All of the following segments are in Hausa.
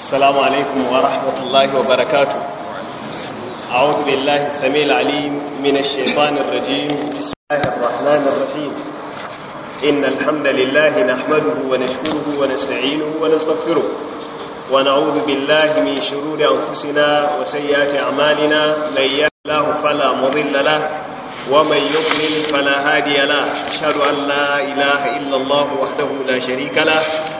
Assalamu alaikum wa rahmatullahi wa barakatu. A'udhu billahi samil alim min ash-shaytanir rajim. Bismillahirrahmanirrahim. Innal hamdalillahi nahmaduhu wa nashkuruhu wa nasta'inuhu wa nastaghfiruh. Wa na'udhu billahi min shururi anfusina wa sayyiati a'malina. Man yahdihillahu fala mudilla lahu wa man yudlil fala hadiya lahu. Ashhadu an la ilaha illa Allah wahdahu na sharika lahu.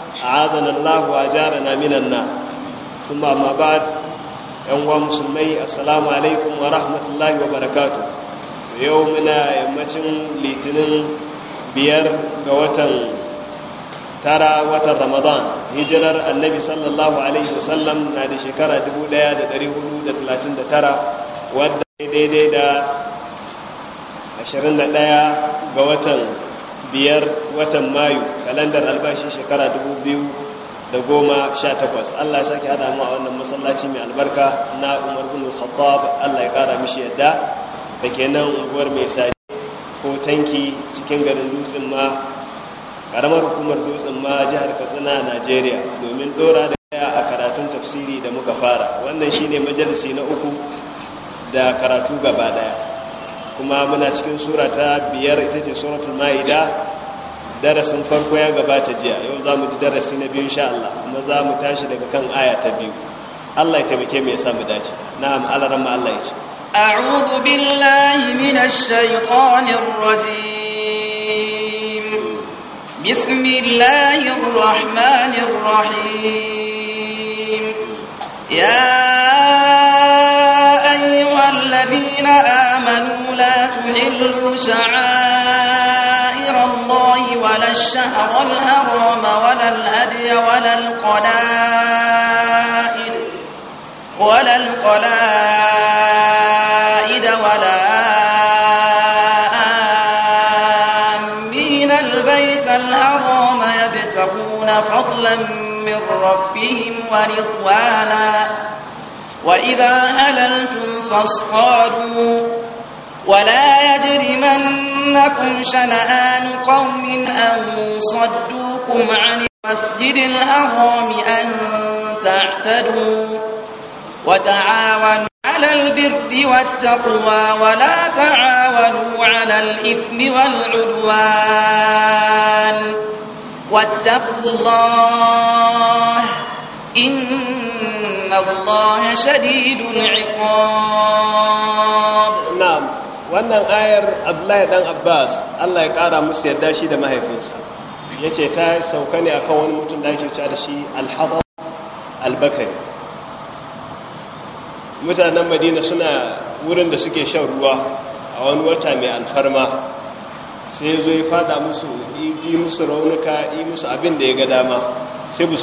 a'adana Allah wa jarana minan na ba ma ba yan musulmai assalamu alaikum wa rahmatullahi wa barakatu. yau muna yammacin litinin biyar ga watan tara watan ramadan hijirar annabi sallallahu alaihi wasallam na da shekara 1439 wadda daidai da 21 ga watan biyar watan mayu kalandar albashi shekara dubu biyu da goma sha takwas allah ya sake hada mu a wannan masallaci mai albarka na umar bin khattab allah ya kara mishi yadda da ke nan unguwar mai sani ko tanki cikin garin dutsen ma karamar hukumar dutsen ma jihar katsina nigeria domin dora da daya a karatun tafsiri da muka fara wannan shine majalisi na uku da karatu gaba daya kuma muna cikin sura ta biyar ita ce suratul ma'ida darasin farko ya gabata jiya yau za mu ji darasi na biyu sha Allah kuma za mu tashi daga kan aya ta biyu Allah ya taimake mu ya sa mu dace na'am alaran ma Allah ya ce a'udhu billahi minash shaitanir rajim bismillahir rahmanir rahim ya الذين آمنوا لا تحلوا شعائر الله ولا الشهر الحرام ولا الهدي ولا القلائد ولا القلائد ولا آمين البيت الحرام يبتغون فضلا من ربهم ورضوانا وإذا هللتم فاصطادوا ولا يجرمنكم شنآن قوم أن صدوكم عن المسجد الحرام أن تعتدوا وتعاونوا على البر والتقوى ولا تعاونوا على الإثم والعدوان واتقوا الله الله شديد العقاب نعم wannan ayar Abdullahi dan Abbas Allah ya kara musu yadda shi da mahaifinsa yace ta sauka ne akan wani mutum da yake cewa shi Al-Hadar al bakri mutanen Madina suna wurin da suke shan ruwa a wani wata mai alfarma sai zo ya fada musu yi musu raunuka yi musu abin da ya ga dama sai bu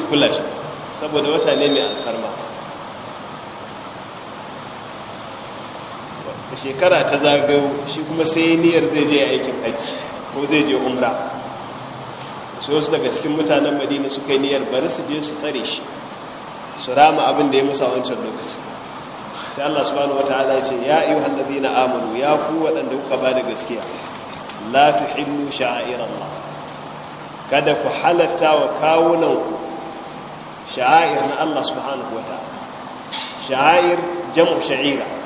saboda wata ne mai alfarma shekara ta zagayo shi kuma sai niyyar zai je aikin haji ko zai je umra yi su daga cikin mutanen madina su kai niyyar bari su je su tsare shi su rama abin da ya musa wancan lokacin sai Allah subhanahu wataala ya ce ya ayyuhal na amuru ya ku waɗanda kuka ba da gaskiya la tuhillu ma kada ku halatta wa kawunan Shair sha'air na Allah subhanahu wataala sha'air jam'u sha'ira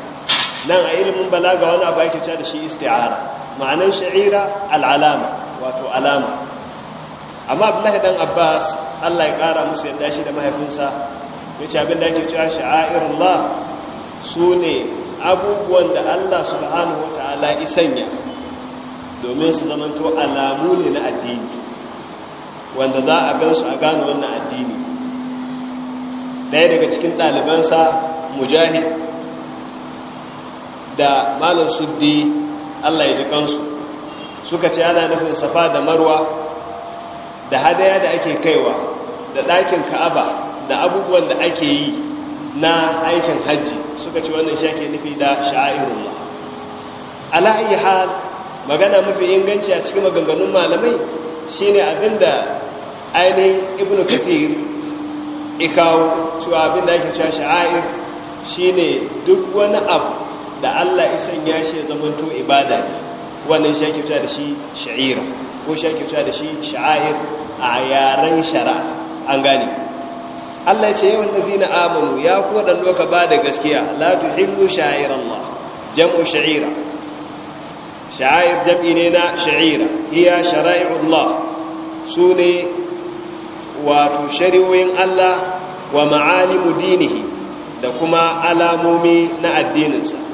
nan a ilimin balaga wani abu yake cewa da shi isti'ara ma'anar sha'ira al'alama wato alama amma abdullahi dan abbas Allah ya kara musu yadda shi da mahaifinsa ya ce abin da yake cewa sha'airullah su ne abubuwan da Allah subhanahu ta'ala isanya domin su zamanto alamu ne na addini wanda za a gan su a gane wannan addini ɗaya daga cikin ɗalibansa mujahid da malam suddi Allah ya ji kansu suka ce ana nufin safa da marwa da hadaya da ake kaiwa da ɗakin ka'aba da abubuwan da ake yi na aikin hajji suka ce wannan shi ake nufi da sha'irullah ala'ayi hal magana mafi inganci a cikin maganganun malamai shine abinda ainihin Kisir kafir ikawo cewa abinda ake cewa sha'ir shine duk wani abu da Allah isan ya shi ya zamanto ibada ne wannan shi ake da shi sha'ira ko shi ake da shi sha'air a yaren shara an gane Allah ya ce yawan lazina amanu ya ku waɗanda ka ba da gaskiya la hillu sha'ir Allah jam'u sha'ira sha'ir jam'i ne na sha'ira iya shara'irullah su ne wato shari'o'in Allah wa ma'alimu dinihi da kuma alamomi na addininsa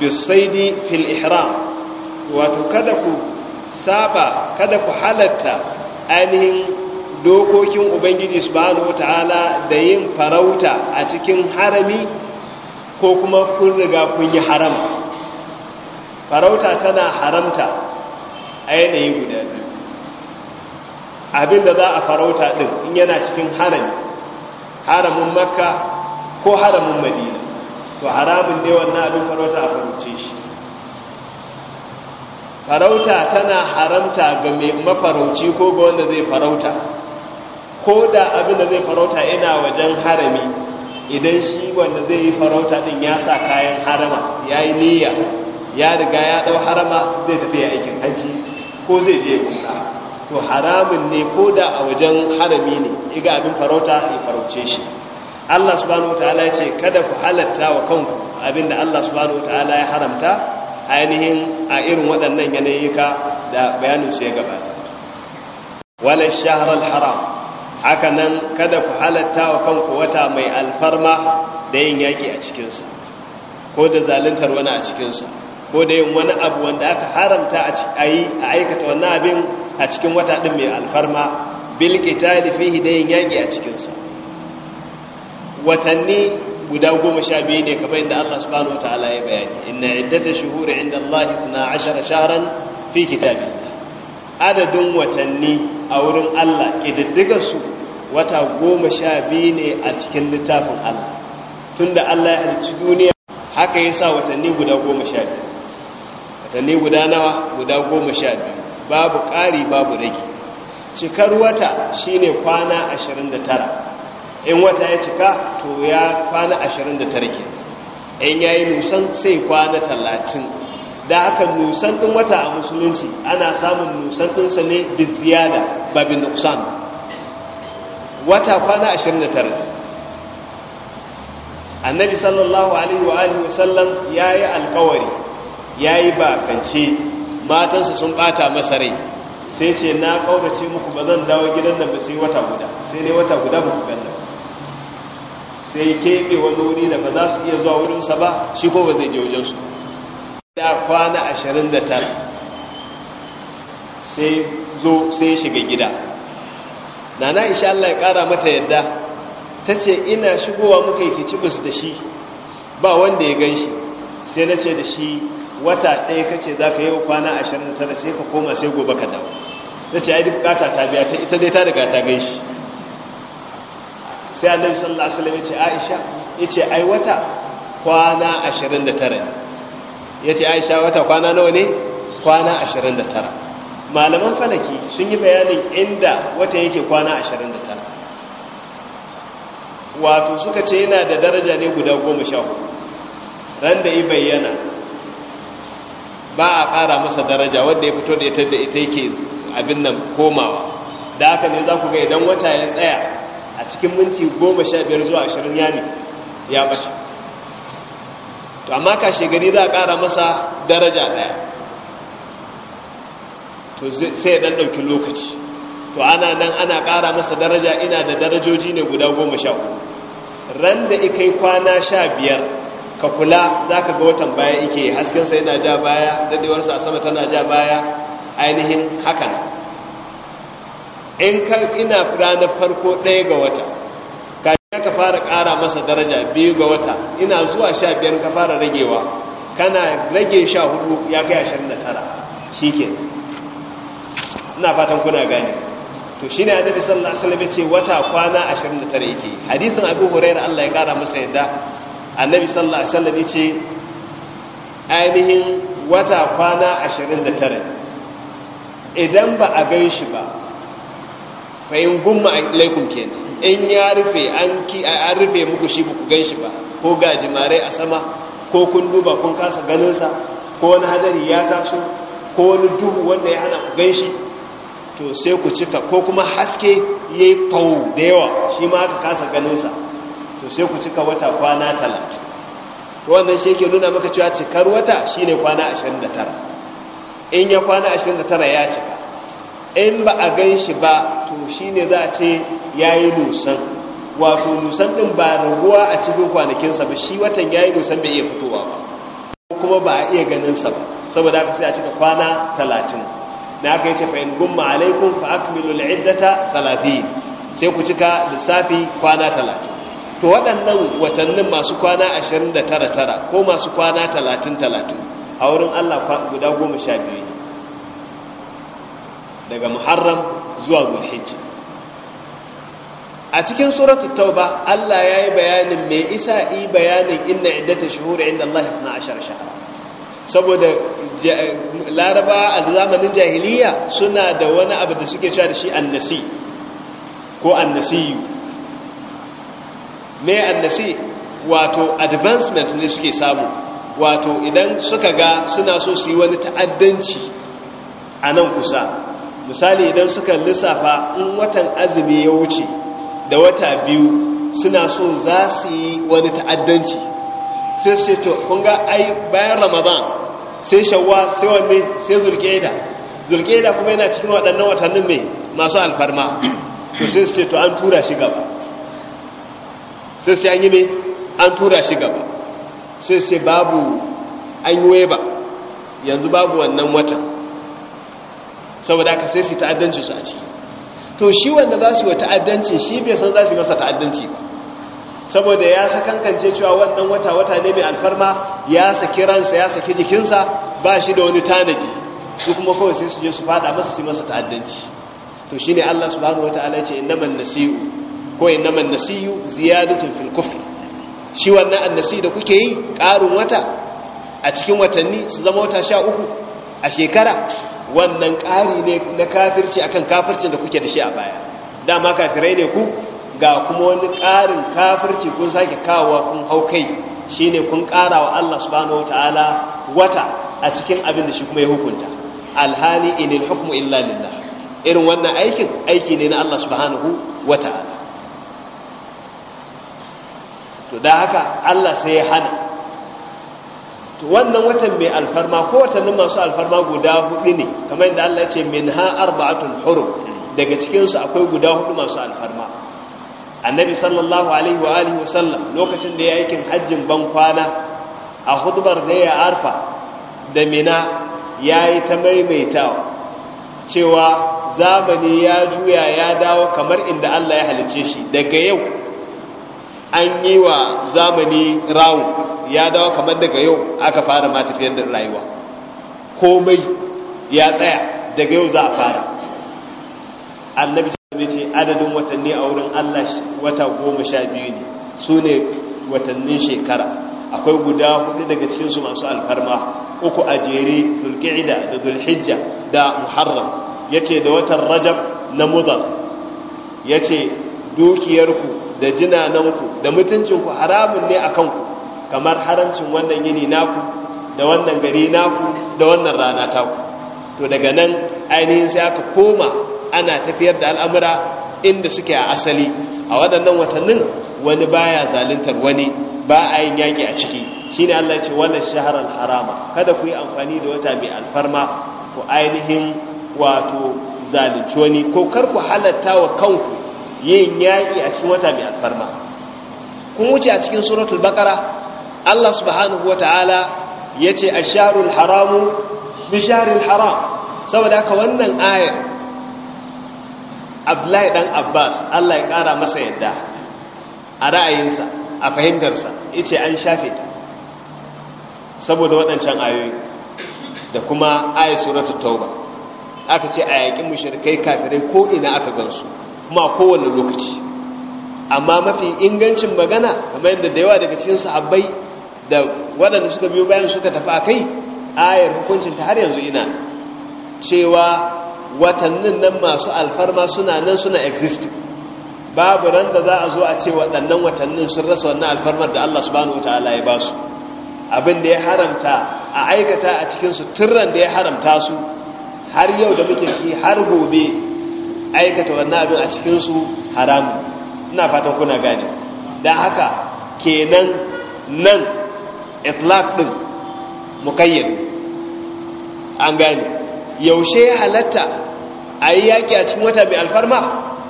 bisaidi fil ihram wato kada ku saba kada ku halatta ainihin dokokin ubangiji subhanahu wataala da yin farauta a cikin harami ko kuma kun riga kun yi haram farauta tana haramta a yanayi guda abin da za a farauta din in yana cikin harami haramin makka ko haramin madina to haramun ne wannan abin farauta a farauce shi farauta tana haramta ga mai mafarauci ko ga wanda zai farauta ko da abin da zai farauta ina wajen harami idan shi wanda zai yi farauta din ya sa kayan harama ya yi niyya ya riga ya dau harama zai tafi aikin haji ko zai je kuka to haramun ne ko da a wajen harami ne iga abin farauta ya farauce shi Allah subhanahu wataala ya ce kada ku halatta wa kanku abinda Allah subhanahu wataala ya haramta ainihin a irin waɗannan yanayika da bayanin su ya gabata wala shahr haram haka nan kada ku halatta wa kanku wata mai alfarma da yin yaki a cikin sa ko da zaluntar wani a cikin sa ko da yin wani abu wanda aka haramta a yi a aikata wannan abin a cikin wata din mai alfarma bil qitali fihi da yin yaki a cikin sa watanni guda goma sha biyu ne kamar yadda Allah subhanahu wa ta'ala ya bayani inna iddata shuhuri inda Allah suna ashara shaharan fi kitabi adadin watanni a wurin Allah ƙididdigar su wata goma sha biyu ne a cikin littafin Allah tunda Allah ya halicci duniya haka ya sa watanni guda goma sha biyu watanni guda nawa guda goma sha biyu babu ƙari babu rage cikar wata shine kwana ashirin da tara in wata ya cika to ya kwana ashirin da tarki in ya yi nusan sai kwana talatin da haka nusan ɗin wata a musulunci ana samun nusan ɗinsa ne da ziyada babin nuksan wata kwana ashirin da tara annabi sallallahu alaihi wa sallam ya yi alkawari ya yi kance matansa sun bata masa rai sai ce na kaunace muku ba zan dawo gidan nan ba sai wata guda sai dai wata guda ba ku ganna sai keɓe wani wuri da ba za su iya zuwa wurinsa ba shi ko ba zai je wajensu da kwana ashirin da tara sai zo sai shiga gida nana isha Allah ya kara mata yadda ta ce ina shigowa muka yi kicibus da shi ba wanda ya gan shi sai na ce da shi wata ɗaya ka ce za ka yi kwana ashirin da tara sai ka koma sai gobe ka dawo ta ce ai duk bukata ta biya ta ita dai ta riga ta gan shi sai annabi sallallahu alaihi ya ce aisha ya ce ai wata kwana 29 ya ce aisha wata kwana nawa ne kwana 29 malaman falaki sun yi bayanin inda wata yake kwana 29 wato suka ce yana da daraja ne guda goma sha ran da yi bayyana ba a ƙara masa daraja wanda ya fito da ita da ita yake abin nan komawa da haka ne za ku ga idan wata ya tsaya a cikin minti goma zuwa ashirin ya ne ya ɓace to amma ka shegari za a ƙara masa daraja ɗaya to sai ya ɗanɗauki lokaci to ana nan ana ƙara masa daraja ina da darajoji ne guda goma ran da ika yi kwana sha biyar ka kula za ka ga watan baya ike haskensa yana ja baya daɗewarsa a sama tana ja baya ainihin hakan in ka ina ranar farko ɗaya ga wata kashi ka fara ƙara masa daraja biyu ga wata ina zuwa sha biyar ka fara ragewa kana rage sha hudu ya kai ashirin da tara shi ke ina fatan kuna gane to shi ne a sallallahu alaihi wasallam ce wata kwana ashirin da tara yake hadisin abu na Allah ya ƙara masa yadda annabi sallallahu alaihi ce ainihin wata kwana ashirin da tara idan ba a gan shi ba fahim gumma alaikum kenan in ya rufe an ki rufe muku shi buku gan shi ba ko ga jimare a sama ko kun duba kun kasa ganinsa ko wani hadari ya taso ko wani duhu wanda ya hana ku gan shi to sai ku cika ko kuma haske ya yi fawo da yawa shi ma aka kasa ganinsa to sai ku cika wata kwana talatin wannan shi yake nuna maka cewa cikar wata shi ne kwana ashirin da tara in ya kwana ashirin da tara ya cika in ba a gan shi ba to shi ne za a ce ya yi nusan wato nusan ɗin ba raguwa a cikin kwanakinsa ba shi watan ya yi nusan bai iya fitowa ba kuma ba a iya ganinsa ba saboda aka sai a cika kwana talatin Na kai yi ce in gumma alaikum fa akmilu talatin, sai ku cika lissafi kwana talatin. to waɗannan watannin masu kwana ashirin da tara-tara ko masu kwana talatin-talatin, a wurin Allah guda goma sha biyu daga muharram zuwa zulhijja a cikin suratul tauba Allah ya yi bayanin mai isa yi bayanin inna iddata shuhuri inda Allah isna ashar shahara saboda laraba a zamanin jahiliya suna da wani abu da suke cewa da shi annasi ko annasiyu me annasi wato advancement ne suke samu wato idan suka ga suna so su yi wani ta'addanci a nan kusa misali idan suka lissafa in watan azumi ya wuce da wata biyu suna so za su yi wani ta'addanci sai su ce to kun ga ai bayan ramadan sai shawwa sai wanne sai zulqa'ida zulqa'ida kuma yana cikin waɗannan watannin mai masu alfarma to sai su ce to an tura shi gaba sai su an yi ne an tura shi gaba sai su ce babu an yi weba yanzu babu wannan watan saboda aka sai su ta'addanci su a ciki to shi wanda za su yi wa ta'addanci shi bai san za su yi masa ta'addanci ba saboda ya sa kankance cewa wannan wata wata ne mai alfarma ya saki ransa ya saki jikinsa ba shi da wani tanaji su kuma kawai sai su je su fada masa su masa ta'addanci to shi ne Allah subhanahu wataala yace innaman nasiyu ko innaman nasiyu ziyadatun fil shi wannan annasi da kuke yi ƙarin wata a cikin watanni su zama wata sha uku a shekara wannan ƙari ne na kafirci akan kafircin da kuke da shi a baya dama kafirai ne ku ga kuma wani ƙarin kafirci kun sake kawo kun hau kai shine kun ƙara wa Allah subhanahu ta'ala wata a cikin abin da shi kuma ya hukunta alhali inil hukmu illa lillah irin wannan aikin aiki ne na Allah subhanahu wataala to da haka Allah sai ya hana to wannan watan mai alfarma ko watannin masu alfarma guda hudu ne kamar yadda Allah ya ce minha arba'atul hurum daga cikin su akwai guda hudu masu alfarma annabi sallallahu alaihi wa alihi wasallam lokacin da ya aikin hajjin ban kwana a hudubar da ya arfa da mina yi ta maimaitawa cewa zamani ya juya ya dawo kamar inda Allah ya halice shi daga yau an yi wa zamani rawu ya dawo kamar daga yau aka fara matafiyar da rayuwa komai ya tsaya daga yau za a fara annabi sai ce adadin watanni a wurin Allah wata goma sha biyu ne su ne watannin shekara akwai guda hudu daga cikinsu masu alfarma uku a jere zulki'ida da zulhijja da muharram ya ce da watan rajab na mudan ya ce dukiyarku da jinananku da mutuncinku haramun ne a kanku kamar haramcin wannan yini naku da wannan gari naku da wannan rana taku to daga nan ainihin sai aka koma ana tafiyar da al'amura inda suke a asali a waɗannan watannin wani baya zaluntar wani ba a yin yaƙi a ciki shi ne Allah ce wannan shaharar harama kada ku yi amfani da wata mai alfarma ku ainihin wato zalunci wani ko kar ku halatta wa kanku yin yaƙi a cikin wata mai alfarma kun wuce a cikin suratul bakara Allah subhanahu wata'ala a sharul haramu bisharil haram saboda haka wannan ayar Abdullahi dan Abbas Allah ya ƙara masa yadda a ra'ayinsa a fahimtarsa ce an shafe ta saboda waɗancan ayoyi da kuma ayar suratul tauba aka ce a yaƙin mushirkai kafirai ko ina aka gansu kuma kowane lokaci amma mafi ingancin magana kamar yadda da yawa daga cikin sahabbai da waɗanda suka biyo bayan suka tafi a kai ayar hukuncin ta har yanzu ina cewa watannin nan masu alfarma suna nan suna existing babu ran da za a zo a ce waɗannan watannin sun rasa wannan alfarmar da Allah subhanahu wataala ya basu. abin da ya haramta a aikata a cikin su turran da ya haramta su har yau da muke ciki har gobe aikata wannan abin a cikinsu haramu ina fatan kuna gane don haka kenan nan itlaq din mukayyad an gane yaushe halatta a yi yaƙi a cikin wata mai alfarma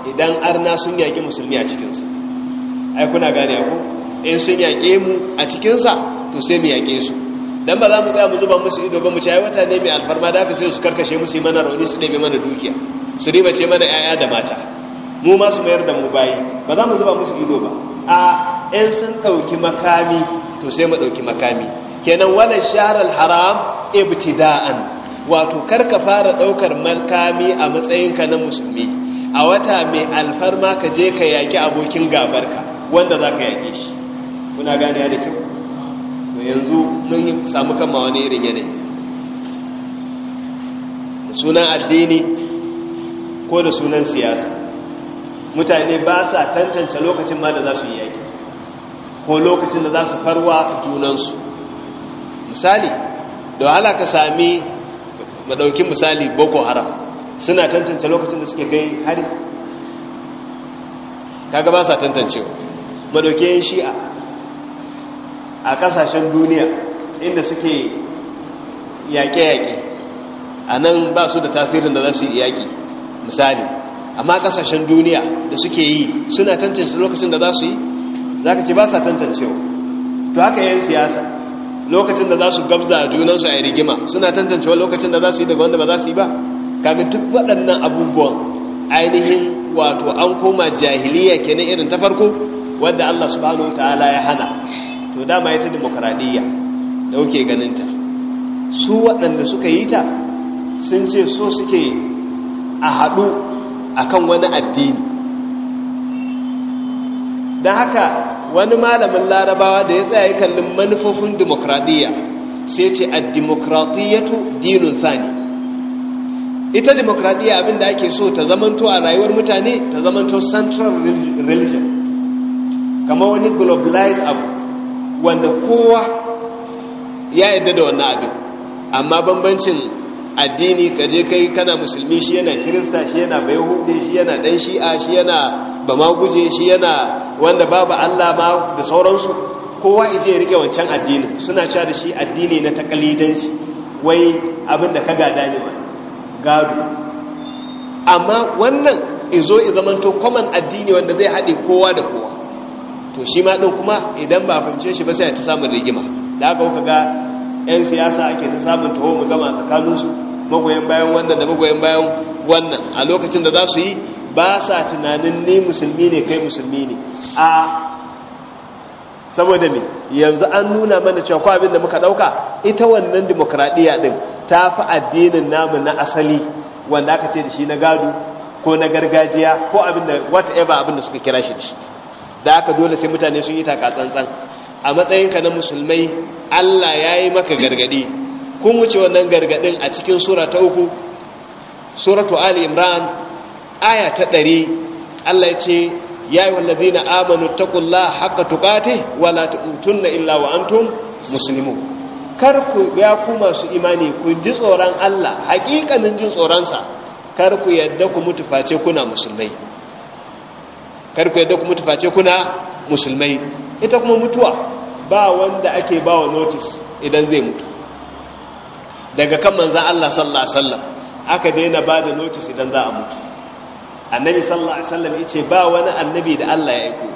idan arna sun yaƙi musulmi a cikinsa ai kuna gane ku in sun yaƙe mu a cikinsa to sai mu yaƙe su don ba za mu tsaya mu zuba musu ido ba mu ci ai wata ne mai alfarma da aka sai su karkashe musu yi mana rauni su ɗabe mana dukiya su riba ce mana 'ya'ya da mata mu ma su mayar da mu bayi ba za mu zuba musu ido ba a 'yan sun ɗauki makami to sai mu ɗauki makami kenan wani sharar haram ibtida'an wato ka fara ɗaukar makami a matsayinka na musulmi a wata mai alfarma ka je ka yaƙi abokin gabarka wanda za ka yaƙi shi kuna gane da kyau to yanzu mun samu ma wani irin yanayi da sunan addini ko da sunan siyasa mutane ba sa tantance lokacin ma da za su yi yaki ko lokacin da za su farwa junansu misali da wahala ka sami madaukin misali boko haram suna tantance lokacin da suke kai hari kaga ba sa tantancewa madaukin shi'a a kasashen duniya inda suke yaƙe-yaƙe a nan ba su da tasirin da za su yi yaƙi misali amma kasashen duniya da suke yi suna tantance lokacin da za su yi za ka ce ba sa tantancewa to haka yin siyasa lokacin da za su gabza a junansu a yi rigima suna tantancewa lokacin da za su yi daga wanda ba za su yi ba kaga duk waɗannan abubuwan ainihin wato an koma jahiliya kenan irin ta farko wadda Allah subhanahu ta'ala ya hana to dama ita demokaradiyya da kuke ganinta su waɗanda suka yi ta sun ce so suke a haɗu akan wani addini da haka wani malamin larabawa da ya tsaye kallon manufofin demokradiyya sai ce a demokradiyyatu dinun sani ita demokradiyya abinda ake so ta zamanto a rayuwar mutane ta zamanto central religion kama wani globalized abu wanda kowa ya yadda da wannan abin amma bambancin addini ka je kai kana musulmi shi yana kirista shi yana hude shi yana dan shi'a shi yana guje shi yana wanda babu Allah ma da sauransu kowa ije ya rike wancan addini suna sha da shi addini na takalidanci wai abin da ka gada ne ma gado amma wannan izo i zamanto common addini wanda zai haɗe kowa da kowa to shi ma ɗin kuma idan ba fahimce shi ba sai a ta samun rigima da aka kuka ga 'yan siyasa ake ta samun taho mu gama tsakaninsu magoyan bayan wannan da magoyan bayan wannan a lokacin da za su yi ba sa tunanin ni musulmi ne kai musulmi ne a saboda ne yanzu an nuna mana cewa ko abin da muka dauka ita wannan demokradiya ɗin ta fi addinin namu na asali wanda aka ce da shi na gado ko na gargajiya ko abin da whatever abin da suka kira shi da aka dole sai mutane sun yi taka tsantsan a matsayinka na musulmai Allah ya yi maka gargadi kun wuce wannan gargadin a cikin sura ta uku suratu ali imran aya ta ɗari Allah ya ce ya yi wallazi na amanu kula haka tuƙati wala ta'utun na illa wa antum musulmi kar ku ya ku masu imani ku ji tsoron Allah haƙiƙanin jin tsoronsa kar ku yadda ku mutu face kuna musulmai kar ku yadda ku mutu face kuna musulmai ita kuma mutuwa ba wanda ake ba wa notice idan zai mutu daga kan manzan Allah sallallahu Alaihi wasallam aka daina ba da notice idan za a mutu annabi sallallahu Alaihi wasallam ba wani annabi da Allah ya aiko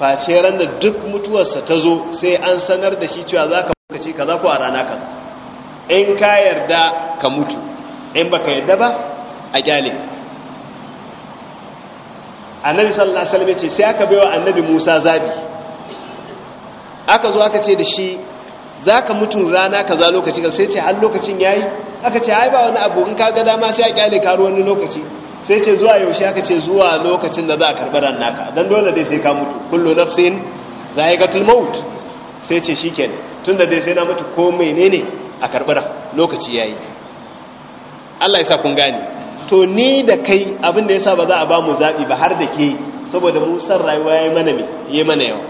face ran da duk mutuwarsa ta zo sai an sanar da shi cewa za ka ka za ku a rana ka, in ka yarda ka mutu in baka yarda ba a gyale annabi sallallahu alaihi wasallam ya ce sai aka baiwa annabi Musa zabi aka zo aka ce da shi zaka mutu rana kaza lokaci sai ce har lokacin yayi aka ce ai ba wani abu in ka ga dama sai a kyale ka wani lokaci sai ce zuwa yaushe aka ce zuwa lokacin da za a karɓi ran naka dan dole dai sai ka mutu kullu nafsin za'iqatul maut sai ce shikenan tunda dai sai na mutu ko menene a karɓi ran lokaci yayi Allah ya sa kun gane to ni da kai abin da sa ba za a ba mu zaɓi ba har da ke saboda musar rayuwa ya yi mana yawa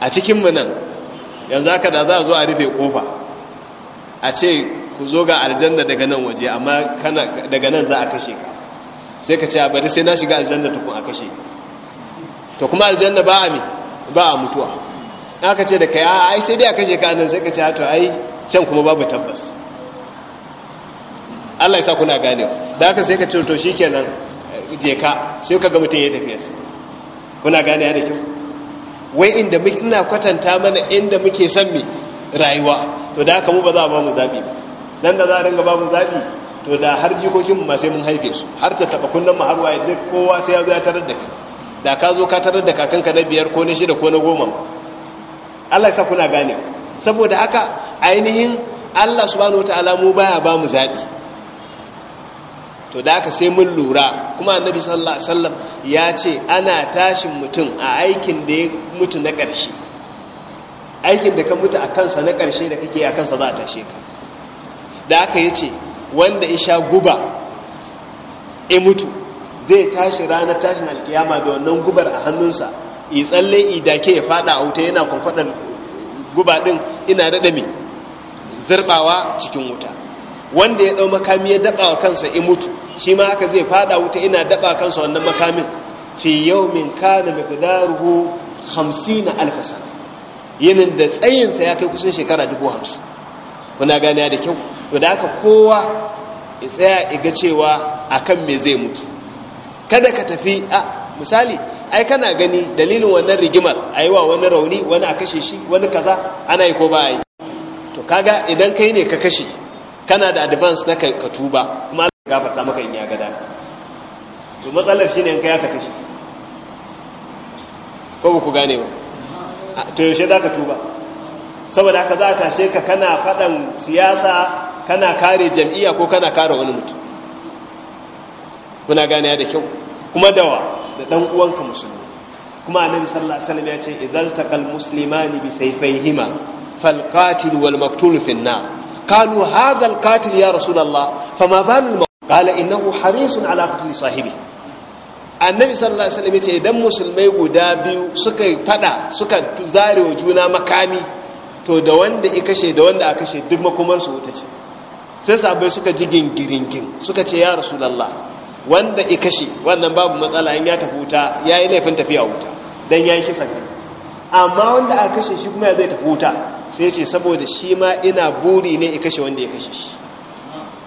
a cikin munan nan yanzu haka da za a zo a rufe kofa a ce ku zo ga aljanna daga nan waje amma daga nan za a kashe ka sai ka ce a bari sai na shiga aljanna tukun a kashe to kuma aljanna ba a mutuwa. Na ka mutuwa aka ce da kai ai sai dai a kashe ka nan sai ka ce to ai can kuma babu tabbas Allah ya sa kuna gane da haka sai ka ce to shikenan je ka sai ka ga mutun ya tafi yasa kuna gane ya da kyau wai inda muke ina kwatanta mana inda muke san mi rayuwa to da haka mu ba za a ba mu zabi ba nan da za a ringa ba mu zabi to da har jikokin mu ma sai mun haife su har ta taba kullun mu har waye duk kowa sai ya zo ya tarar da ka da ka zo ka tarar da kakanka na biyar ko na shida ko na goma Allah ya sa kuna gane saboda haka ainihin Allah subhanahu wataala mu baya ba mu zabi to da aka sai mun lura kuma annabi sallallahu alaihi wasallam ya ce ana tashin mutum a aikin da ya mutu na ƙarshe aikin da ka mutu a kansa na ƙarshe da kake a kansa za a tashe ka da aka yi wanda isha guba ya mutu zai tashi ranar tashin alkiyama da wannan gubar a hannunsa i tsalle idake ya fada a wuta yana kwankwadar guba din ina daɗa mai zarbawa cikin wuta wanda ya dau makami ya daba wa kansa in mutu shi ma haka zai fada wuta ina daba kansa wannan makamin fi ka da miqdaruhu 50 alf alfasa, yinin da tsayinsa ya kai kusan shekara 50 kuna gane da kyau to da aka kowa ya tsaya ya ga cewa akan me zai mutu kada ka tafi a misali ai kana gani dalilin wannan rigimar a yi wa wani rauni wani a kashe shi wani kaza ana yi ko ba a yi to kaga idan kai ne ka kashe kana da advance na ka tuba kuma Allah ya gafarta maka in ya ga dama to matsalar shine in kai aka kashe ko ku gane ba to yaushe za ka tuba saboda haka za a tashe ka kana faɗan siyasa kana kare jam'iyya ko kana kare wani mutum kuna gane da kyau kuma dawa da dan uwanka musulmi kuma annabi sallallahu alaihi wasallam ya ce idzal taqal muslimani bi sayfayhima fal qatil wal maqtul fi an-nar qalu hadha alqatil ya rasulullah fama balu qala innahu harisun ala qatl sahibi annabi sallallahu alaihi wasallam yace idan musulmai guda biyu suka fada suka wa juna makami to da wanda ya kashe da wanda aka kashe duk makomar su wuta ce sai sabai suka ji gingiringin suka ce ya rasulullah wanda ya kashe wannan babu matsala in ya tafi wuta yayi laifin tafiya wuta dan yayi kisan kai amma wanda aka kashe shi kuma ya zai tafi wuta sai ce saboda shi ma ina buri ne ya kashe wanda ya kashe shi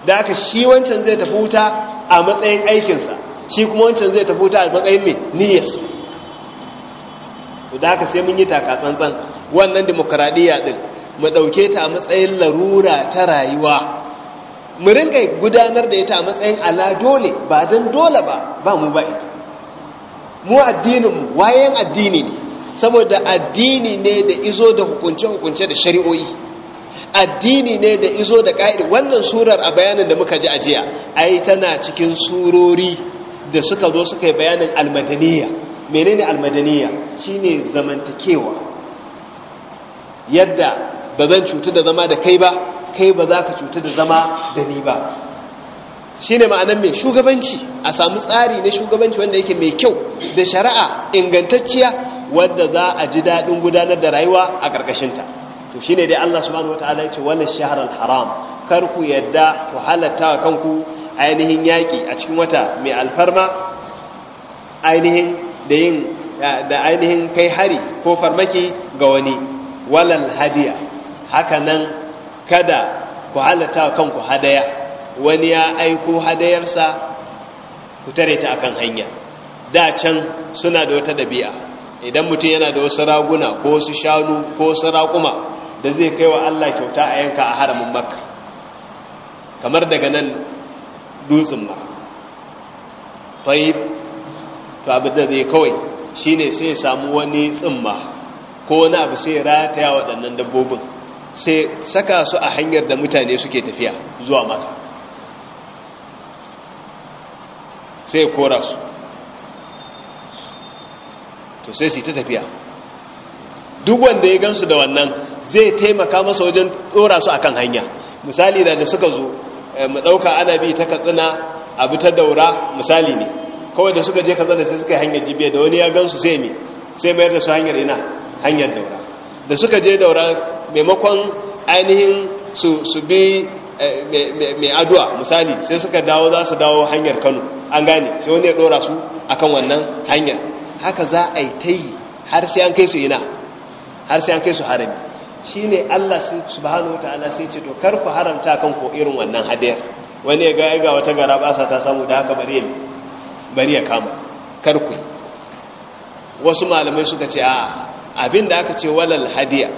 da aka shi wancan zai tafi wuta a matsayin aikinsa shi kuma wancan zai tafi wuta a matsayin mai niyyarsa da aka sai mun yi taka tsantsan wannan demokaradiyya din mu ɗauke ta a matsayin larura ta rayuwa mu rinka gudanar da ita a matsayin ala dole ba don dole ba ba mu ba ita mu addininmu wayan addini ne saboda addini ne da izo da hukunce-hukunce da shari'o'i addini ne da izo da ƙa'ida wannan surar a bayanin da muka ji a jiya ai tana cikin surori da suka zo suka yi bayanin almadaniya menene almadaniya shine zamantakewa yadda ba zan cutu da zama da kai ba kai ba za ka cutu da zama da ni ba shi ne ma'anan mai shugabanci a samu tsari na shugabanci wanda yake mai kyau da shari'a ingantacciya wadda za a ji daɗin gudanar da rayuwa a ƙarƙashinta to shi ne dai Allah subhanahu wata'ala ya ce wani shaharar haram kar ku yadda ku halatta wa kanku ainihin yaƙi a cikin wata mai alfarma ainihin ainihin kai hari ko farmaki ga wani walal hadiya haka nan kada ku halatta wa kanku hadaya wani ya aiko hadayarsa ku tare ta akan hanya da can suna da wata dabi'a idan mutum yana da wasu raguna ko su shanu ko su raƙuma da zai kai wa Allah kyauta a yanka a haramin makka kamar daga nan dutsen ma taib to abin da zai kawai shi ne sai samu wani tsimma ko wani abu sai rataya waɗannan dabbobin sai saka su a hanyar da mutane suke tafiya zuwa maka sai kora su to sai su ta tafiya duk wanda ya gansu da wannan zai taimaka masa wajen dora su akan hanya misali da da suka zo eh, mu dauka ana bi ta katsina abu ta daura misali ne kawai da suka je katsina sai suka yi hanyar jibiya da wani ya gansu sai me sai mayar da su hanyar ina hanyar daura da suka je daura maimakon ainihin su su bi eh, mai addu'a misali sai suka dawo za su dawo hanyar Kano an gane sai wani ya dora su akan wannan hanyar haka za a yi ta yi har sai an kai su ina har sai an kai su harami shi ne allah subhanahu wa sai ce to karku ku haramta kan ko irin wannan hadiyar wani ya gaya ga wata gara basa ta samu da haka bari ya kama karku wasu malamai suka ce a abin da aka ce walal hadiya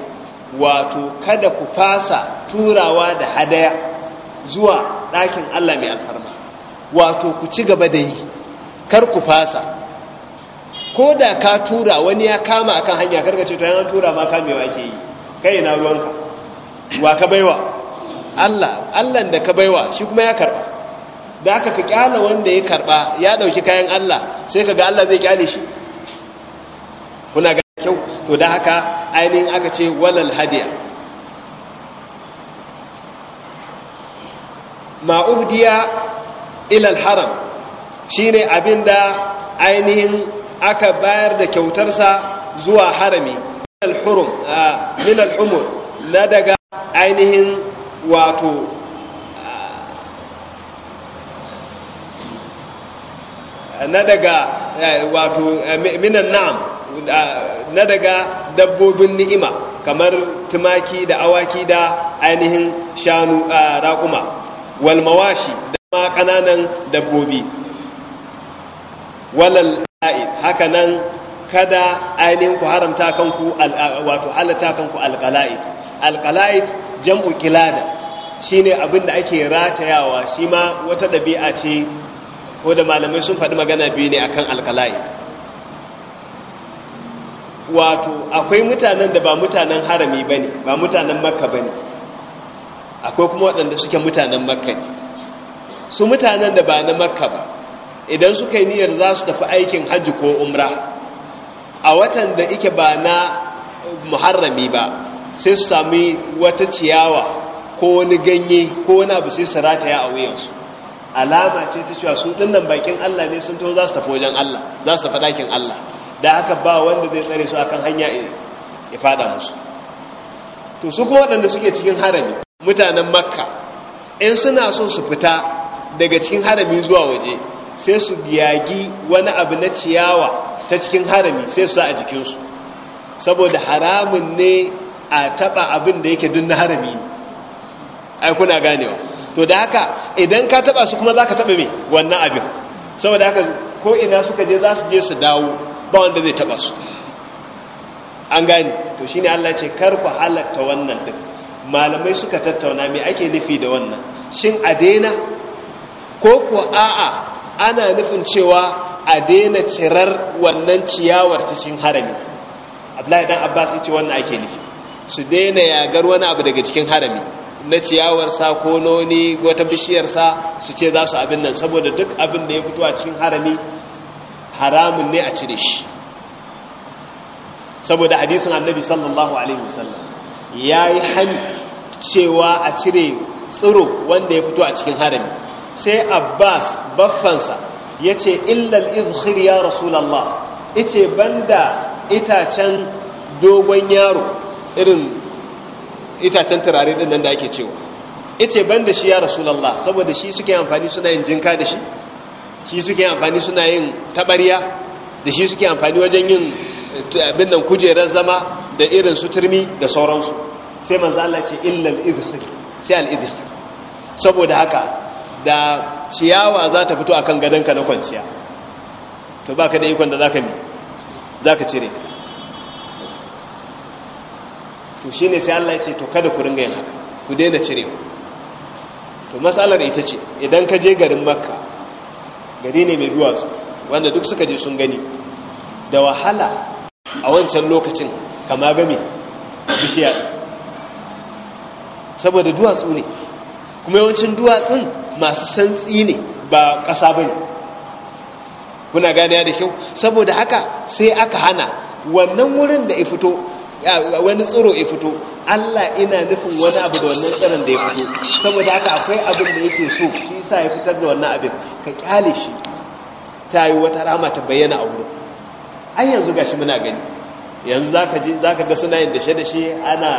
wato kada ku fasa turawa da hadaya zuwa ɗakin allah mai alfarma wato ku ci gaba da yi kar ku fasa ko da ka tura wani ya kama akan hanya karkace ta yana tura ma kamewa ke yi kai na ruwanka wa ka baiwa Allah Allah da ka baiwa shi kuma ya karba da aka ka kyala wanda ya karba ya dauki kayan Allah sai ka ga Allah zai kyale shi kuna ga kyau to da haka ainihin aka ce walal hadiya ma uhdiya ila al haram shine abinda ainihin aka bayar da kyautarsa zuwa harami min al-humur na daga ainihin wato na daga wato minan na'am na daga dabbobin ni'ima kamar tumaki da awaki da ainihin shanu raƙuma walmawashi da ma ƙananan dabbobi walal haka nan kada ainihin ku haramta kanku wato halatta kanku alqala'id alqala'id jam'u qilada shine abin da ake ratayawa shi ma wata dabi'a ce ko da malamai sun faɗi magana biyu ne akan alqala'id wato akwai mutanen da ba mutanen harami bane ba mutanen makka bane akwai kuma waɗanda suke mutanen makka ne su mutanen da ba na makka ba idan suka yi niyyar za su tafi aikin hajji ko umra a watan da ike ba na muharrami ba sai su sami wata ciyawa ko wani ganye ko wani abu sai sarataya a wuyansu alama ce ta cewa su dinnan bakin Allah ne sun tozo za su tafi wajen Allah za su faɗakin Allah da haka ba wanda zai tsare su akan hanya ya fada musu to su kuma waɗanda suke cikin harami mutanen makka in suna son su fita daga cikin harami zuwa waje sai su yagi wani abu na ciyawa ta cikin harami sai su a jikinsu saboda haramun ne a taba abin da yake dun harami ne ai kuna ganewa to da haka idan ka taba su kuma za ka taba me wannan abin saboda haka ko ina suka je za su je su dawo ba wanda zai taba su an gane to shi ne Allah ce kar ku halatta wannan din malamai suka tattauna mai ake nufi da wannan shin a daina ko ku a'a ana nufin cewa a daina cirar wannan ciyawar cikin harami abdullahi dan abbas yace wannan ake nufi su daina yagar wani abu daga cikin harami na ciyawar sa ko noni wata bishiyar sa su ce za su abin nan saboda duk abin da ya fito a cikin harami haramun ne a cire shi saboda hadisin annabi sallallahu alaihi wasallam yayi hani cewa a cire tsiro wanda ya fito a cikin harami sai abbas baffansa ya ce illal izhir ya rasulallah ban banda itacen dogon yaro irin itacen turare din nan da ake cewa ban banda shi ya rasulallah saboda shi suke amfani suna yin jinka da shi shi suke amfani suna yin tabariya da shi suke amfani wajen yin eh, abin nan kujerar zama da irin su turmi da sauransu sai manzo Allah ce illal izhir sai al izhir saboda haka da ciyawa za ta fito akan gadonka na kwanciya to ba ka da ikon da za ka mi za ka cire ta to shi ne sai Allah ya ce to kada ku ringa yin haka ku daina cirewa to matsalar ita ce idan ka je garin makka gari ne mai duwatsu wanda duk suka je sun gani da wahala a wancan lokacin kama gami bishiya saboda duwatsu ne kuma yawancin duwatsun masu santsi ne ba ƙasa ba ne kuna gane da kyau saboda haka sai aka hana wannan wurin da ya fito wani tsiro ya fito Allah ina nufin wani abu da wannan tsarin da ya fito saboda haka akwai abin da yake so shi sa ya fitar da wannan abin ka kyale shi ta yi wata rama ta bayyana a wurin an yanzu gashi muna gani yanzu zaka je zaka ga suna yin dashe shi, ana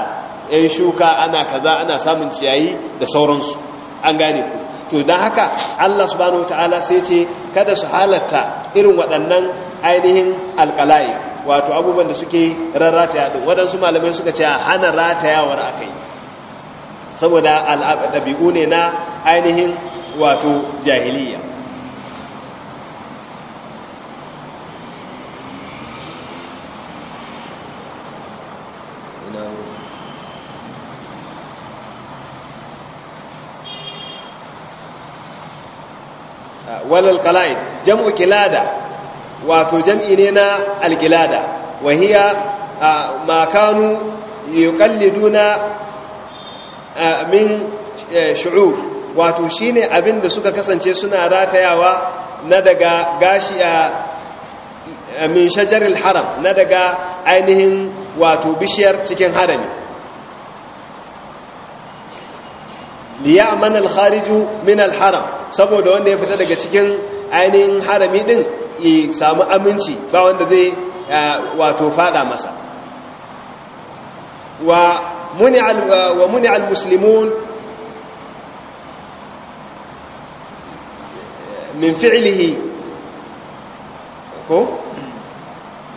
yan shuka ana kaza ana samun ciyayi da sauransu an gane ku to don haka allah subhanahu wa ta'ala sai ce kada su halatta irin waɗannan ainihin alkalai wato abubuwan da suke rarrataya ɗin waɗansu malamai suka ce a hana ratayawar a kai saboda ɗabi'u ne na ainihin wato jahiliya walal qala'id jam'u qilada wato jam'i ne na alqilada wa hiya ma kanu yuqalliduna min e, shu'ub wato shine abin da suka kasance suna ratayawa na daga gashi a min shajaril haram na daga ainihin wato bishiyar cikin harami liyaman alkhariju min alharam saboda wanda ya fita daga cikin ainihin harami din ya samu aminci ba wanda zai wato fada masa wa muni wa muni muslimun min fi'lihi ko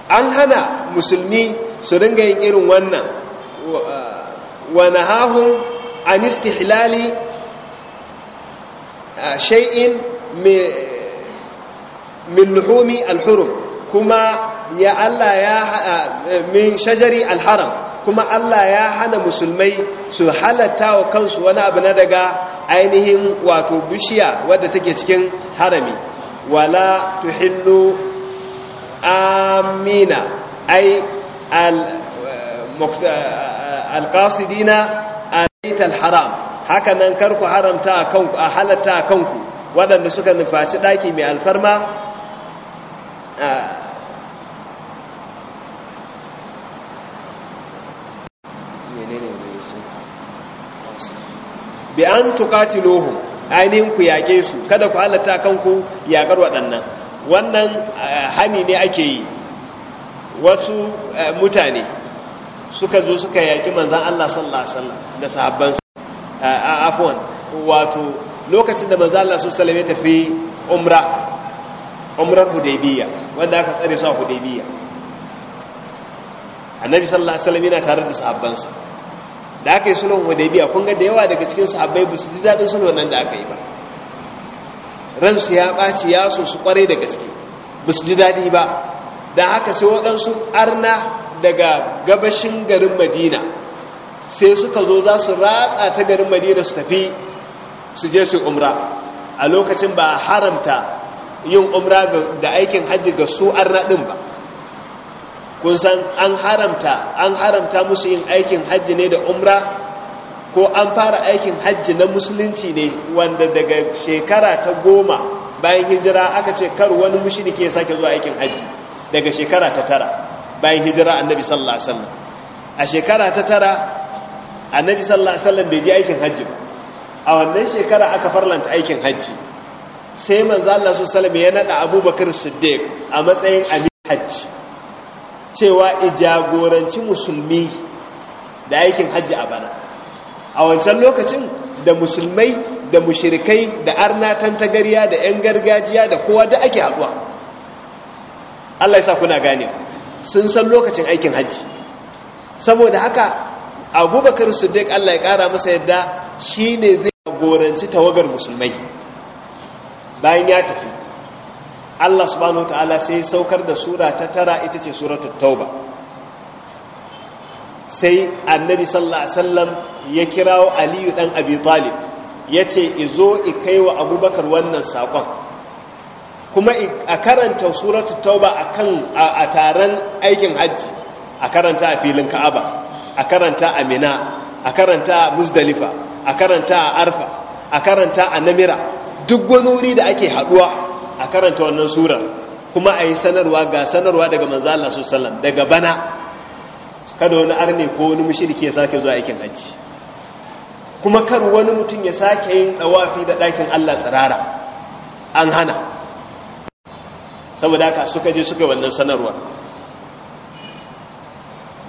an hana musulmi su ringa yin irin wannan wa nahahum an istihlali shay'in min luhumi alhurum kuma ya Allah ya min shajari alharam kuma Allah ya hana musulmai su halatta wa kansu wani abu na daga ainihin wato bishiya wadda take cikin harami wala tuhillu amina ai alqasidina ital haram haka nan kar ku haramta a kanku a halatta a kanku wadanda suka nufaci daki mai alfarma bi an tukatiluhu ainihin ku yaƙe su kada ku halatta kanku yaƙar wadannan wannan hani ne ake yi wasu mutane suka zo suka yaki manzan Allah sallallahu alaihi wasallam da sahabbansa afwan wato lokacin da manzan Allah sallallahu alaihi wasallam ya tafi umra umrar hudaybiya wanda aka tsare su a hudaybiya annabi sallallahu alaihi wasallam yana tare da sa da aka yi sulhun hudaybiya kun ga da yawa daga cikin sahabbai ba su ji dadin sulhun nan da aka yi ba ransu ya ɓaci ya so su kware da gaske ba su ji dadi ba da haka sai waɗansu arna daga gabashin garin madina sai suka zo za su ratsa ta garin madina su tafi su je su umra a lokacin ba haramta yin umra da aikin hajji ga su an raɗin ba kun san an haramta an haramta musu yin aikin hajji ne da umra ko an fara aikin hajji na musulunci ne wanda daga shekara ta goma bayan hijira aka ce kar wani da ya sake zuwa aikin hajji daga shekara ta tara bayan hijira annabi sallallahu alaihi a shekara ta tara annabi sallallahu alaihi bai ji aikin hajji a wannan shekara aka farlanta aikin hajji sai manzo Allah sallallahu alaihi ya nada Abubakar Siddiq a matsayin amin hajji cewa ijagoranci musulmi da aikin hajji a bana a wancan lokacin da musulmai da mushirikai da arnatan tagariya da 'yan gargajiya da kowa da ake haɗuwa Allah ya sa kuna gane sun san lokacin aikin hajji saboda haka abubakar siddiq allah ya kara masa yadda shi ne zai goranci tawagar musulmai bayan ya tafi allah subhanahu wa ta'ala sai saukar da sura ta tara ita ce suratul tauba sai annabi sallallahu alaihi wasallam ya kirawo aliyu dan abi talib ya ce izo ikaiwa abubakar wannan sakon. kuma a karanta suratu tauba akan a taron aikin hajji a karanta a filin ka'aba a karanta a mina a karanta a musdalifa a karanta a arfa a karanta a namira duk wani wuri da ake haduwa a karanta wannan surar kuma a yi sanarwa ga sanarwa daga manzala Allah Salam daga bana kada wani arne ko wani mushrike ya sake zuwa aikin hajji kuma kar wani mutum ya sake yin dawafi da ɗakin Allah tsirara an hana saboda ka suka je suka wannan sanarwa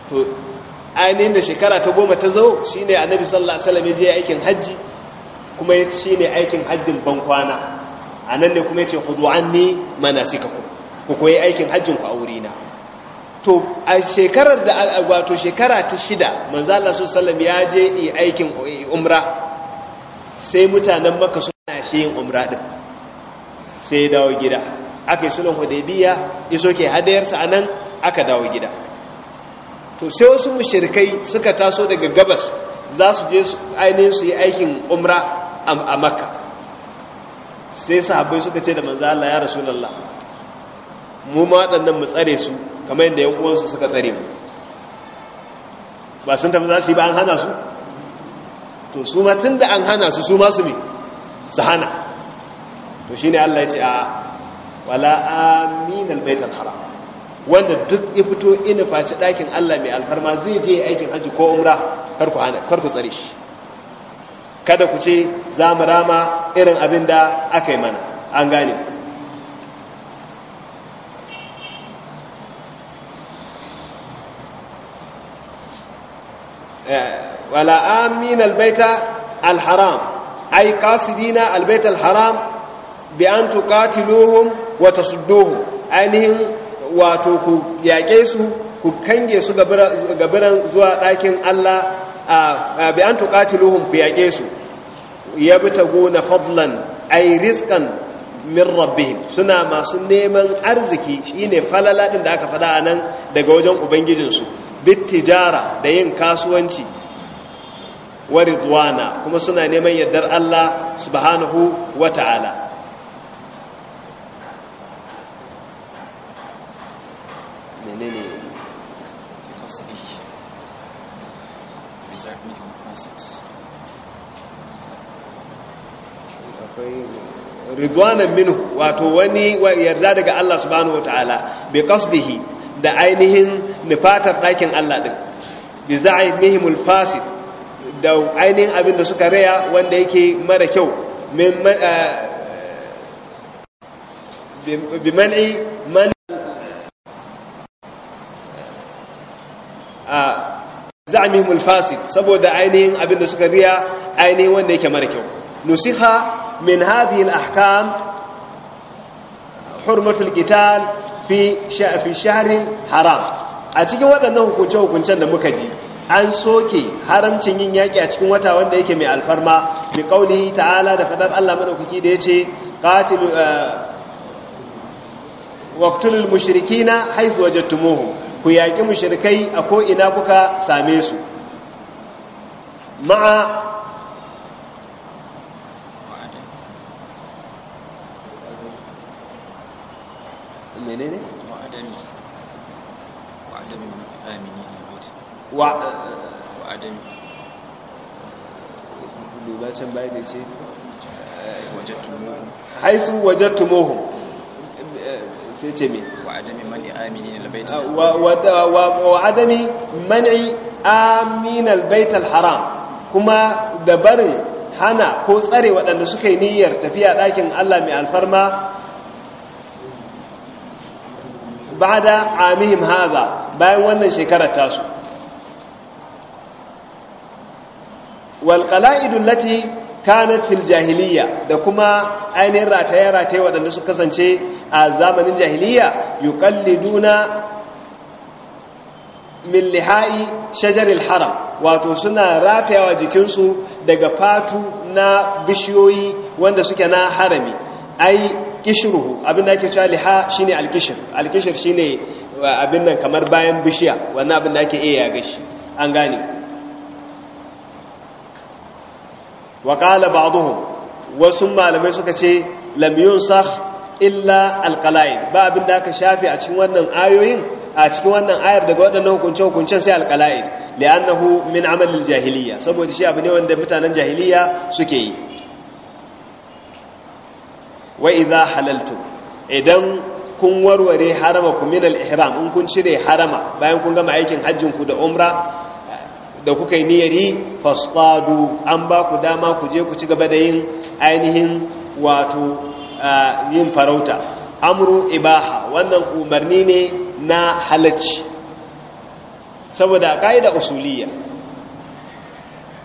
to ainihin da shekara ta goma ta zo shi ne annabi sallallahu ala'asala mai ya aikin hajji kuma shi ne aikin hajjin bankwana a nan ne kuma ya ce hudu an ne mana suka ku ku koyi aikin hajjin ku a wurina to a shekarar da wato shekara ta shida manzala Allah sallallahu ya je yi aikin umra sai mutanen maka suna shi yin umra din sai dawo gida aka yi sulhun hudaybiya iso ke hadayarsa anan aka dawo gida to sai wasu mushrikai suka taso daga gabas za su je ainihin su yi aikin umra a makka sai sahabbai suka ce da manzo Allah ya rasulullah mu ma waɗannan mu tsare su kamar yadda yan uwansu suka tsare mu ba sun tafi za su yi ba an hana su to su ma tun da an hana su su ma su ne su hana to shi ne Allah ya ce a wala aminal albayt haram, wanda duk ya fito ina faci dakin Allah mai alfarma zai je aikin haji ko umra kar ku hana kar tsare shi kada ku ce za mu rama irin abin da aka yi mana an gane eh, wala aminal albaita alharam ay qasidina albayt haram bi an tuqatiluhum wata dohu, ainihin wato ku yaƙe su ku kange su gabiran zuwa ɗakin Allah a bi an tuqatiluhum ku yaƙe su ya bi gona fadlan yi riskan min rabbihim suna masu neman arziki shi ne falaladin da aka fada nan daga wajen ubangijinsu tijara da yin kasuwanci wa ridwana kuma suna neman yardar Allah subhanahu wa ta'ala. ridwanan minhu wato wani yarda daga Allah subhanahu wataala bi qasdihi da ainihin nifatar ɗakin Allah din bi za'imihimul fasid da ainihin abin da suka raya wanda yake mara kyau min eh, bi man'i man ah, za'imihimul fasid saboda ainihin abin da suka riya ainihin wanda yake mara kyau nusiha من هذه الأحكام حرمة القتال في في شهر حرام أتيجي وأنه كنتم كنتم مكجي an soke haramcin yin yaki a cikin wata wanda yake mai alfarma bi kauli ta'ala da fadar Allah madaukaki da yace qatilu eh, waqtulul mushrikina haythu wajadtumuhum ku yaki mushrikai a ko ina kuka same su ma'a menene wa'adami wa'adami amini wa eh, eh, eh, can sai ce me mani amini albayt ah, wa'adami kuma da barin hana ko tsare waɗanda suka yi niyyar tafiya ɗakin Allah mai alfarma ba'da a haza bayan wannan shekarar tasu walƙala'idullati qala'idul lati kanat fil jahiliya da kuma ainihin rataye rataye waɗanda su kasance a zamanin jahiliya yuqalliduna min millihai, shajaril haram wato suna ratayawa jikinsu daga fatu na bishiyoyi wanda suke na harami ai kishiruhu abin da ake cewa liha shine alkishir alkishir shine abin nan kamar bayan bishiya wannan abin da ake iya gashi an gane wa qala ba'dhum wasu malamai suka ce lam yunsakh illa alqalain ba abin da aka shafe a cikin wannan ayoyin a cikin wannan ayar daga waɗannan hukunce hukuncen sai alqalain li'annahu min amalil jahiliya saboda shi abu ne wanda mutanen jahiliya suke yi wa idza halaltu idan kun warware harama ku min al-ihram in kun cire harama bayan kun gama aikin hajjin ku da umra da kuka yi niyyari fasadu an ba ku dama ku je ku ci gaba da yin ainihin wato yin farauta amru ibaha wannan umarni ne na halacci saboda ka'ida usuliya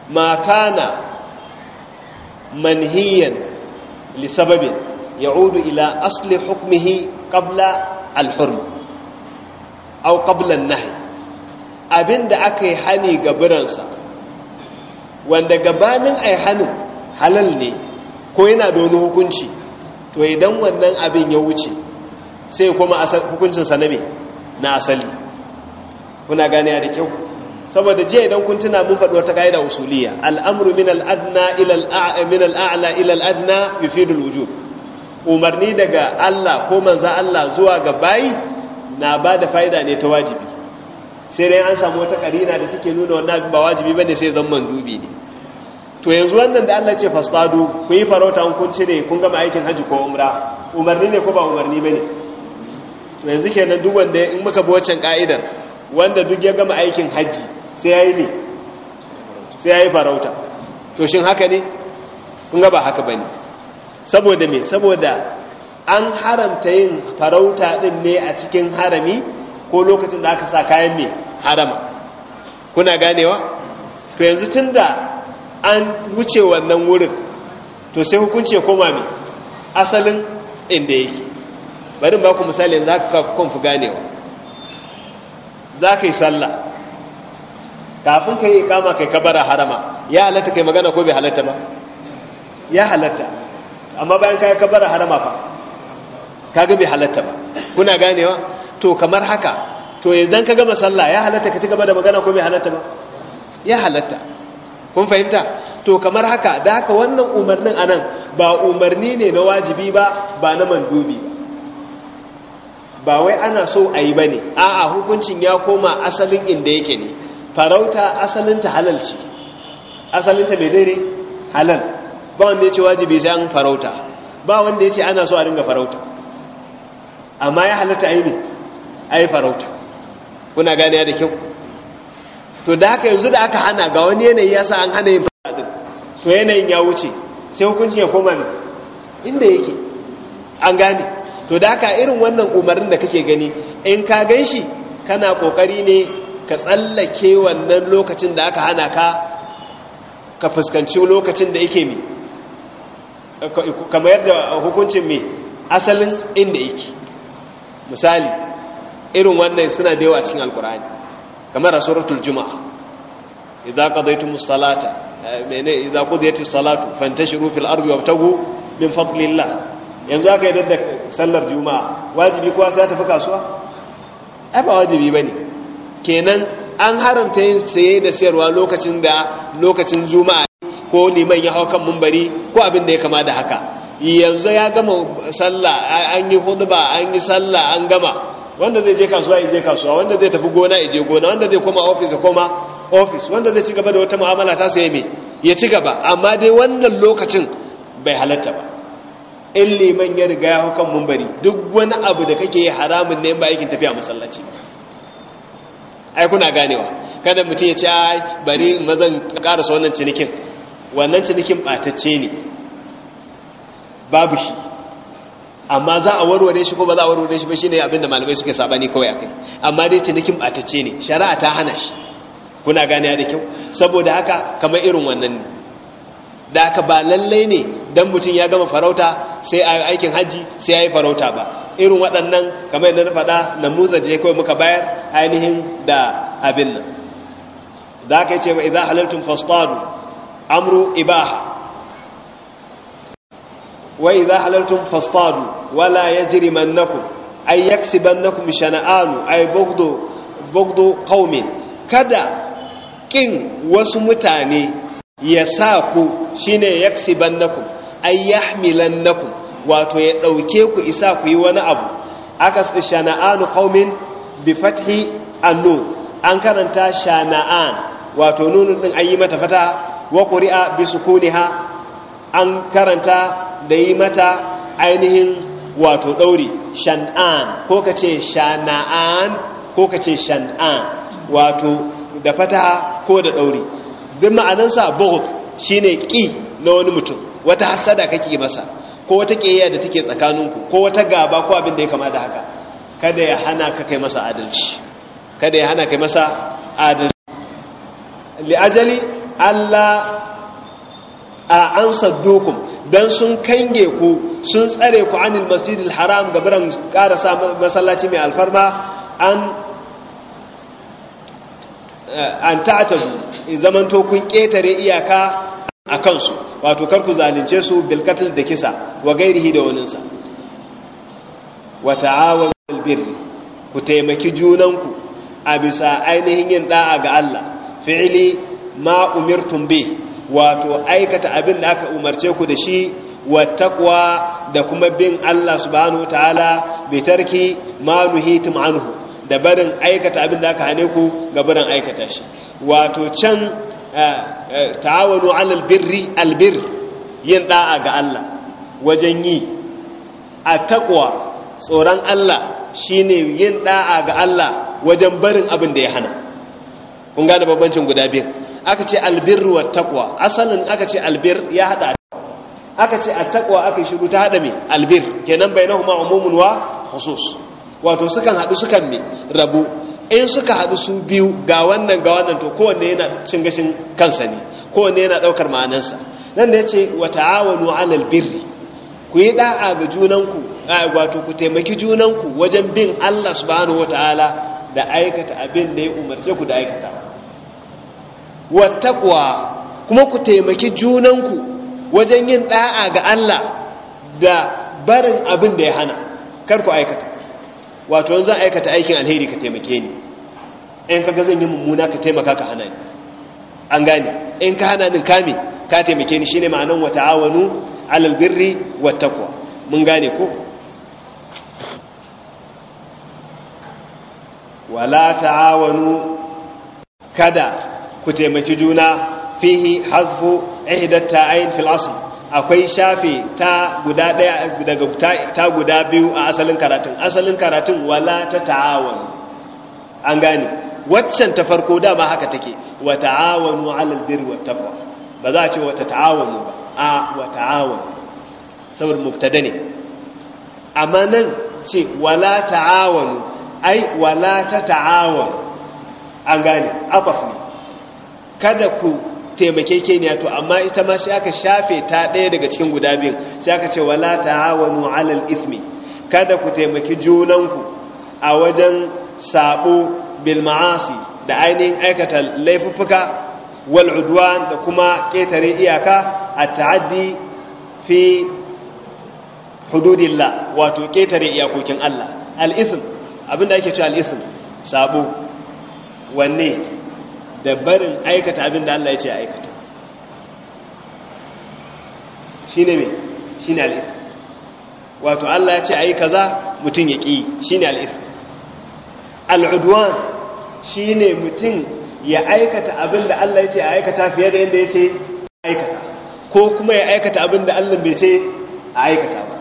ma kana manhiyan lisababin يعود إلى أصل حكمه قبل الحرم أو قبل النهي abin da aka yi hani ga biransa wanda gabanin a hanin halal ne ko yana da wani hukunci to idan wannan abin ya wuce sai kuma hukuncinsa na me na asali kuna gane da kyau saboda jiya idan kun tuna mun faɗi wata ka'ida usuliya al'amru min al'adna ila al'a'la ila al'adna yufidul wujub umarni daga Allah ko manza Allah zuwa ga bayi na ba da fa'ida ne ta wajibi sai dai an samu wata karina da take nuna wannan ba wajibi ba ne, sai zan dubi ne to yanzu wannan da Allah ce fasadu ku yi farauta kun cire kun gama aikin haji ko umra umarni ne ko ba umarni ba ne? to yanzu kenan duk wanda in muka bi wancan ka'idar wanda duk ya gama aikin haji sai yayi ne farauta to shin haka ne kun ga ba haka saboda me saboda an haramta yin farauta din ne a cikin harami ko lokacin da aka sa kayan me harama kuna ganewa to yanzu tunda an wuce wannan wurin to sai hukunci ya koma ne asalin inda yake bari ba ku misali yanzu aka kunfu ganewa za ka yi sallah kafin ka yi kama kai kabara harama ya halatta kai magana ko bai halatta ba ya halatta amma bayan ka kabara harama fa ka bai halatta ba kuna ganewa to kamar haka to idan ka gama sallah ya halatta ka ci gaba da magana ko mai halatta ba ya halatta kun fahimta to kamar haka da haka wannan umarnin anan ba umarni ne na wajibi ba ba na mandubi ba wai ana so a yi ba ne a'a hukuncin ya koma asalin inda yake ne farauta asalinta halal asalinta mai dare halal ba wanda ya ce wajibi sai an farauta ba wanda ya ce ana so a ringa farauta amma ya halatta a yi ne a yi farauta kuna ya da kyau to da haka yanzu da aka hana ga wani yanayi ya sa an hana yin fasadin to yanayin ya wuce sai hukuncin ya koma ne inda yake an gane to da haka irin wannan umarnin da kake gani in ka gan shi kana kokari ne ka tsallake wannan lokacin da aka hana ka ka fuskanci lokacin da yake mi kamar yadda hukuncin mai asalin inda yake misali irin wannan suna da yawa cikin alkur'ani kamar suratul juma'a idza qadaytumus salata eh, mene idza qudiyatis salatu fantashiru fil ardi wabtagu min fadlillah yanzu aka yi da sallar juma'a wajibi kowa sai tafi kasuwa ai ba wajibi bane kenan an haramta yin saye da sayarwa lokacin da lokacin juma'a ko liman ya hau kan mumbari ko abin da ya kama da haka yanzu ya gama sallah an yi hudba an yi sallah an gama wanda zai je kasuwa ya je kasuwa wanda zai tafi gona ya je gona wanda zai koma ofis ya koma ofis wanda zai ci gaba da wata mu'amala ta sai mai, ya ci gaba amma dai wannan lokacin bai halatta ba in liman ya riga ya hau kan mumbari duk wani abu da kake haramun ne ba aikin tafiya masallaci ai kuna ganewa kada mutum ya ce ai bari mazan karasa wannan cinikin wannan cinikin ɓatacce ne babu shi amma za a warware shi ko ba za a warware shi ba shi ne abinda malamai suke sabani kawai a kai amma dai cinikin ɓatacce ne shari'a ta hana shi kuna gane da kyau saboda haka kamar irin wannan ne da haka ba lallai ne dan mutum ya gama farauta sai a aikin hajji sai ya yi farauta ba irin waɗannan kamar yadda na faɗa na muza je kawai muka bayar ainihin da abin nan da aka yi ce wa idan halartun fastadu amru ibaha wa idza halaltum fastadu wala yajrimannakum ay yaksibannakum shana'anu ay bughdu bughdu qaumin kada kin wasu mutane ya sa ku shine yaksibannakum ay yahmilannakum wato ya dauke ku isa ku yi wani abu akas shana'anu qaumin bi fathi an an karanta shana'an wato nunun din an yi mata fata wa ƙuri'a bisu sukuniha an karanta da yi mata ainihin wato ɗauri shan'an ko ka ce shana'an ko ka ce shan'an wato da fataha ko da ɗauri duk ma'anansa shi ne ƙi na wani mutum wata hasada kake masa ko wata ƙiyayya da take tsakaninku ko wata gaba ko abin da ya kama da haka kada ya hana ka kai masa adalci kada ya hana kai masa adalci Allah a an saddokum dan sun kange ku sun tsare ku anil masjidil haram ga kara karasa masallaci mai alfarma an eh, an in zamanto kun ƙetare iyaka a kansu wato kar ku zalunce su bil da kisa wa gairihi da waninsa wata awon ku taimaki junanku a bisa ainihin yin ɗa'a ga Allah fi'ili ma umirtum bi wato aikata abin da aka umarce ku da shi wa taqwa da kuma bin Allah subhanahu wataala bi tarki ma nuhitum anhu da barin aikata abin da aka hane ku ga barin aikata shi wato can eh, eh, ta'awanu alal birri albir yin da'a ga Allah wajen yi a taqwa tsoron Allah shine yin da'a ga Allah wajen barin abin da ya hana kun gane babbancin guda biyu aka ce albirru wa taqwa asalin aka ce albir ya hada aka ce a takwa aka shiru ta hada me albir kenan bainahuma umumun wa khusus wato sukan hadu sukan me rabu in suka hadu su biyu ga wannan ga wannan to kowanne yana cin gashin kansa ne kowanne yana daukar ma'anansa nan da yace wa ta'awanu 'alal birri ku yi da'a ga junanku wato ku taimaki junanku wajen bin Allah subhanahu wataala da aikata abin da ya umarce ku da aikata wattaqwa kuma ku taimaki junanku wajen yin ɗa'a ga Allah da barin abin da ya hana kar ku aikata wato zan aikata aikin alheri ka taimake ni in ga zan yi mummuna ka taimaka ka hana ni an gane in ka hana ni kame ka taimake ni shine ma'anan wa ta'awanu alal birri wattaqwa mun gane ko wala ta'awanu kada ku taimaki juna fihi hazfu ihdat ta'ain fil asl akwai shafe ta guda daya daga ta guda biyu a asalin karatun asalin karatun wala ta ta'awun an gane waccan ta farko dama haka take wa ta'awunu 'alal birri wat taqwa ba za a ce wa ta'awunu ba a wa ta'awun saboda mubtada ne amma nan ce wala ta'awunu ai wala ta ta'awun an gane aqaf ne kada ku taimake ne to amma ita ma sai aka shafe ta ɗaya daga cikin guda biyun sai aka ce wala ta'awanu 'alal ismi kada ku taimaki junanku a wajen sabo bil ma'asi da ainihin aikata laifuka, wal udwan da kuma ketare iyaka a ta'addi fi hududillah wato ketare iyakokin Allah al-ism abinda ake cewa al-ism sabo wanne da barin aikata abin da Allah ya ce aikata shi ne mai shi ne al'isa wato Allah ya ce a yi kaza mutum ya ƙi shi ne al'isa al'uduwan shi ne mutum ya aikata abin da Allah ya ce a aikata fiye da yadda ya ce aikata ko kuma ya aikata abin da Allah bai ce a aikata ba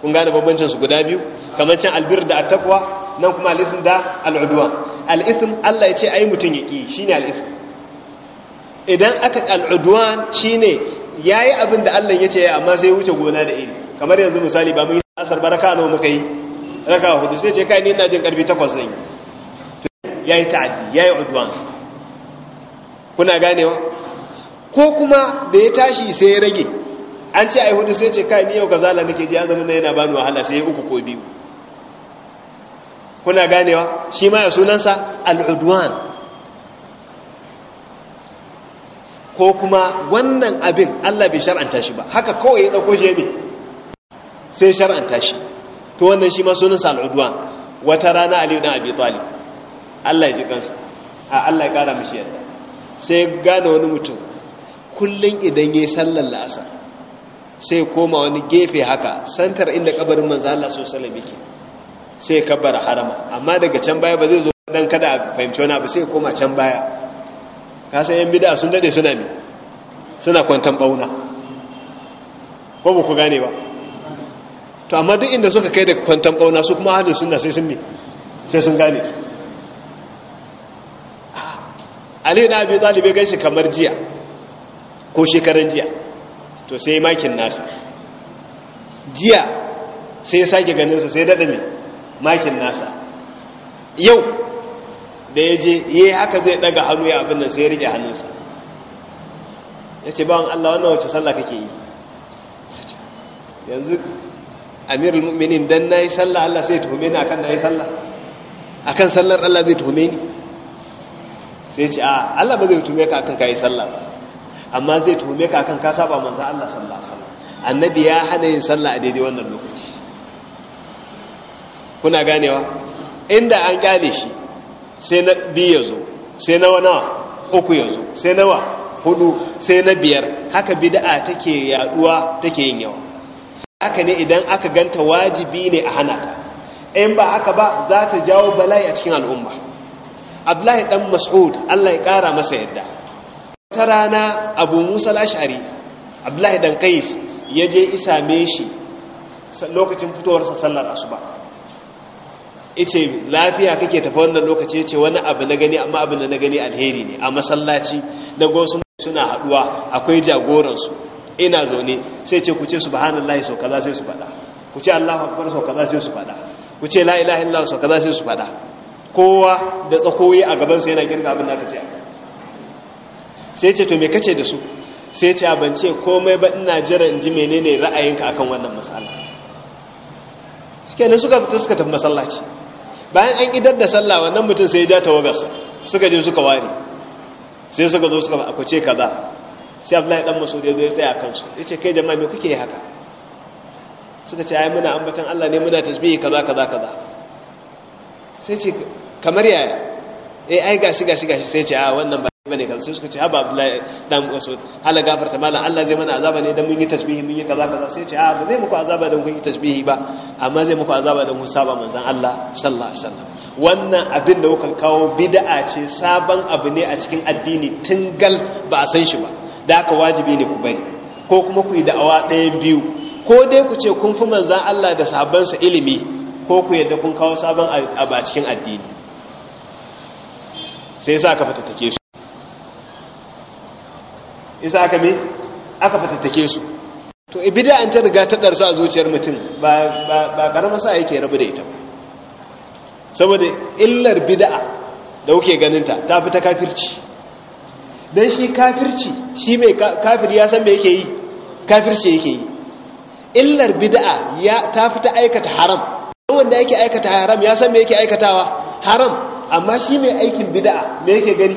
kun gane babbancinsu guda biyu kamar can albir da attakwa nan kuma al'isim da al'uduwa al'isim Allah ya ce ai mutum ya ƙi shi ne al'isim idan aka al'uduwa shi ne ya yi abin da Allah ya ce ya amma sai wuce gona da iri kamar yanzu misali ba mun yi asar ba raka nawa muka yi raka hudu sai ce kai ni ina jin karfi takwas zan yi ya yi ta'adi ya yi uduwa kuna ganewa ko kuma da ya tashi sai ya rage an ce a yi hudu sai ce kai ni yau kazala nake ji an zama na yana ni wahala sai ya uku ko biyu kuna ganewa shi ma ya sunansa al'udwan ko kuma wannan abin Allah bai shar'anta shi ba haka kawai ya dauko shi ne sai shar'anta shi to wannan shi ma sunansa al'udwan wata rana aliyu dan Abi tsali Allah ya ji kansa a Allah ya kara mashi yadda sai gane wani mutum kullum idan yi sallar la'asa sai koma wani gefe haka santar inda kabarin manzala sosai sallallahu alaihi sai ka bar harama amma daga can baya ba zai zo dan kada a fahimci wani abu sai koma can baya ka san yan bida sun dade suna mi suna kwantan bauna ko ba ku gane ba to amma duk inda suka kai da kwantan bauna su kuma ahlus sunna sai sun mi sai sun gane ah, Ali na bi Talib ya shi kamar jiya ko shekaran jiya to sai makin nasa jiya sai ya sake sa sai daɗa ne makin nasa yau da ya je yi haka zai daga hannu ya abin da sai rike hannunsa ya ce bawan Allah wannan wace sallah kake yi yanzu amirul mu'minin dan nayi sallah Allah sai tuhume ni akan nayi sallah akan sallar Allah zai tuhume ni sai ce a Allah ba zai tuhume ka akan kai sallah ba amma zai tuhume ka akan ka saba manzo Allah sallallahu alaihi wasallam annabi ya hana yin sallah a daidai wannan lokaci kuna ganewa inda an kyale shi sai na biyu ya zo sai na wana uku ya zo sai nawa hudu sai na biyar haka da'a take yaduwa take yin yawa haka ne idan aka ganta wajibi ne a hana ta in ba haka ba za ta jawo bala'i a cikin al'umma abdullahi dan mas'ud Allah ya kara masa yadda Wata rana abu musa lashari abdullahi dan kais, ya je isa me shi lokacin fitowarsa sallar asuba ice lafiya kake tafi wannan lokaci ce wani abu na gani amma abin da na gani alheri ne a masallaci na gosu suna haduwa akwai jagoransu ina zaune sai ce ku ce subhanallahi sau kaza sai su faɗa ku ce allahu akbar so kaza sai su faɗa ku ce la ilaha illallah so kaza sai su faɗa kowa da tsakoyi a gaban sa yana girka abin da kace sai ce to me kace da su sai ce ban ce komai ba ina jira in ji menene ra'ayinka akan wannan matsala suke ne suka fita suka tafi masallaci bayan an idar da sallah wannan mutum sai ya ja tawagar suka je suka ware sai suka zo suka akwace kaza sai abdullahi dan masudi ya zo ya tsaya kansu ya ce kai jama'a me kuke haka suka ce ai muna ambatan Allah ne muna tasbihi kaza kaza kaza sai ce kamar yaya eh ai gashi gashi gashi sai ce a ah, wannan bane kan sai suka ce haba abdullahi dan wasu hala gafarta malam Allah zai mana azaba ne dan mun yi tasbihi mun yi kaza kaza sai ce a ah, ba zai muku azaba dan kun yi tasbihi ba amma zai muku azaba dan kun saba manzon Allah sallallahu alaihi wasallam wannan abin da kuka kawo bid'a ce sabon abu ne a cikin addini gal ba a san shi ba da haka wajibi ne ku bari ko kuma ku yi da'awa ɗaya biyu ko dai ku ce kun fi manzon Allah da sa ilimi ko ku yadda kun kawo sabon abu a cikin addini sai sa ka fata take su isa aka me aka fatattake su to ibida eh, an ta riga ta ɗarsu a zuciyar mutum ba ba karamar sa yake rabu da ita saboda illar bid'a da kuke ganinta ta fi ta kafirci dan shi kafirci shi mai kafir ya san me yake yi kafirci yake yi illar bid'a ya ta fi ta aikata haram wanda yake aikata haram ya san me yake aikatawa haram amma shi mai aikin bid'a me yake gani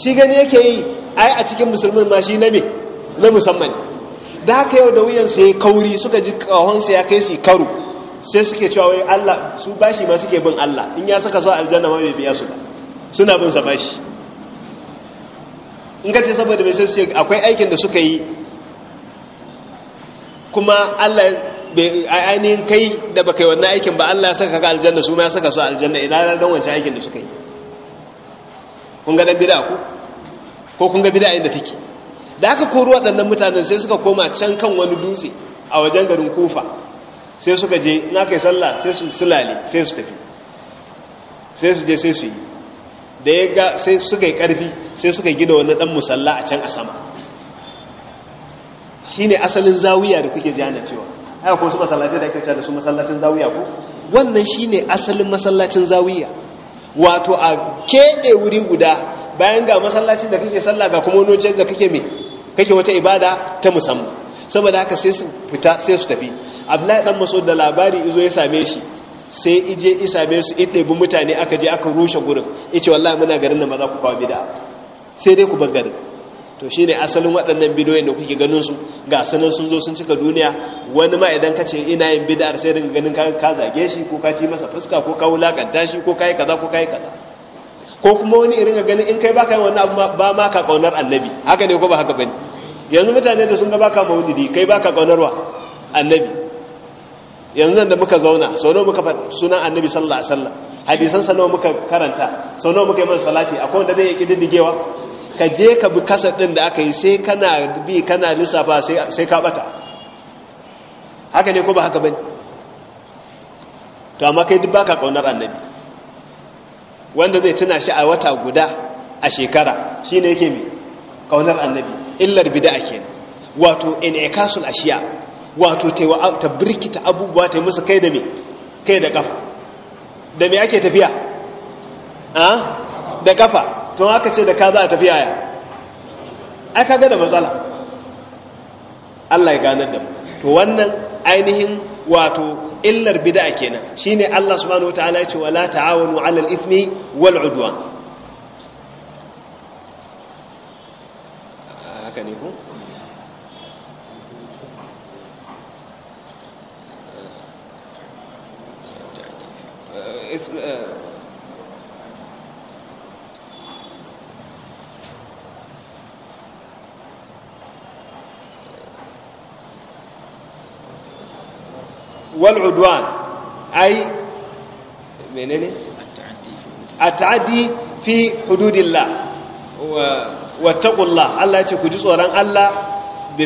shi gani yake yi ai a cikin musulmin ma shi na me na musamman da haka yau da wuyansu ya kauri suka ji kahonsa ya kai su karu sai suke cewa wai Allah su bashi ma suke bin Allah in ya saka su aljanna ma bai biya su ba suna bin sa bashi in ka ce saboda mai sai su ce akwai aikin da suka yi kuma Allah ainihin kai da baka yi wannan aikin ba Allah ya saka ka aljanna su ma ya saka su aljanna idan ran wancan aikin da suka yi kun ga dan bid'a ku ko kun ga bid'a inda take da aka koru waɗannan mutanen sai suka koma can kan wani dutse a wajen garin kufa sai suka je na kai sallah sai su sulale sai su tafi sai su je sai su yi da ya ga sai suka yi ƙarfi sai suka gida wani ɗan musalla a can a sama shi ne asalin zawiya da kuke jana cewa haka ko su masallaci da ake da su masallacin zawiya ko wannan shi ne asalin masallacin zawiya wato a keɓe wuri guda bayan ga masallacin da kake sallah ga kuma wani da kake me kake wata ibada ta musamman saboda haka sai su fita sai su tafi abdullahi dan maso da labari izo ya same shi sai ije isa same su mutane aka je aka rushe gurin yace wallahi muna garin nan ba za ku kawo bid'a sai dai ku bar garin to shine asalin waɗannan bidiyoyin da kuke ganin su ga sanan sun zo sun cika duniya wani ma idan ka ce ina yin bida sai dinga ganin ka zage shi ko ka ci masa fuska ko ka wulakanta shi ko kai kaza ko kai kaza ko kuma wani irin ga ganin in kai baka yin wannan abu ba ma ka kaunar annabi haka ne ko ba haka bane yanzu mutane da sun ga baka maulidi kai baka kaunarwa annabi yanzu da muka zauna sau nawa muka faɗi sunan annabi sallallahu alaihi wasallam hadisan sa nawa muka karanta sau nawa muka yi masa salati akwai wanda zai yi kididdigewa ka je ka bi kasa din da aka yi sai kana bi kana lissafa sai ka bata haka ne ko ba haka bane to amma kai duk baka kaunar annabi wanda zai tuna shi a wata guda a shekara shi ne yake mai ƙaunar annabi illar bida kenan wato in a ashiya wato ta birkita abubuwa ta musu kai da mai kai da kafa da mai ake tafiya a da kafa to haka ce da ka za a tafiya ya aka ga da matsala Allah ya ganar da mu to wannan ainihin wato illar bid'a kenan shine Allah subhanahu wataala yace wala ta'awanu 'alal ithmi wal 'udwan haka ne ko eh, eh, wal udwan ai menene at fi hududillah wa taqullah Allah ya ce tsoron Allah bi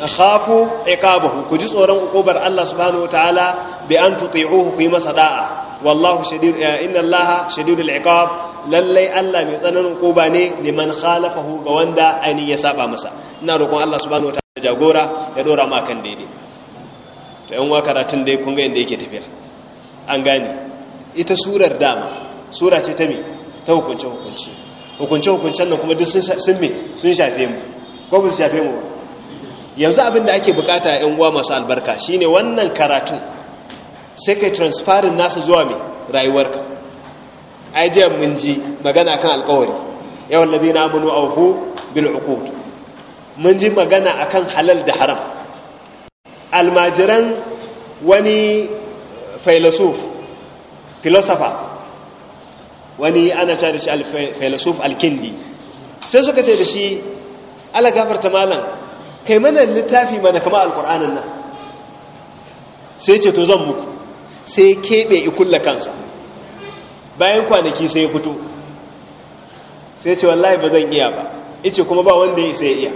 khafu iqabahu ku ukubar Allah subhanahu wataala bi an tuti'uhu masa da'a wallahu shadid lallai Allah mai tsananin ƙoba ne liman khalafahu ga wanda ainihin ya saba masa ina roƙon Allah subhanahu jagora ya dora ma kan daidai to yan wakaratun karatun dai kun ga inda yake tafiya an gane ita surar dama sura ce ta mi ta hukunce hukunce hukunce hukuncen nan kuma duk sun me sun shafe mu ko bu su shafe mu ba yanzu abin da ake bukata yan uwa masu albarka shine wannan karatun sai kai transferin nasa zuwa me rayuwarka ai jiya mun ji magana kan alƙawari yawan ladina amanu awfu bil uqud mun ji magana akan halal da haram almajiran wani filosof filosofa wani ana sha shi shi filosof alkindi sai suka ce da shi ala gafarta malam kai mana littafi mana kama alkur'anin nan sai ce to zan muku sai keɓe ikulla kansa bayan kwanaki sai fito sai ce wallahi ba zan iya ba ice kuma ba wanda ya isa ya iya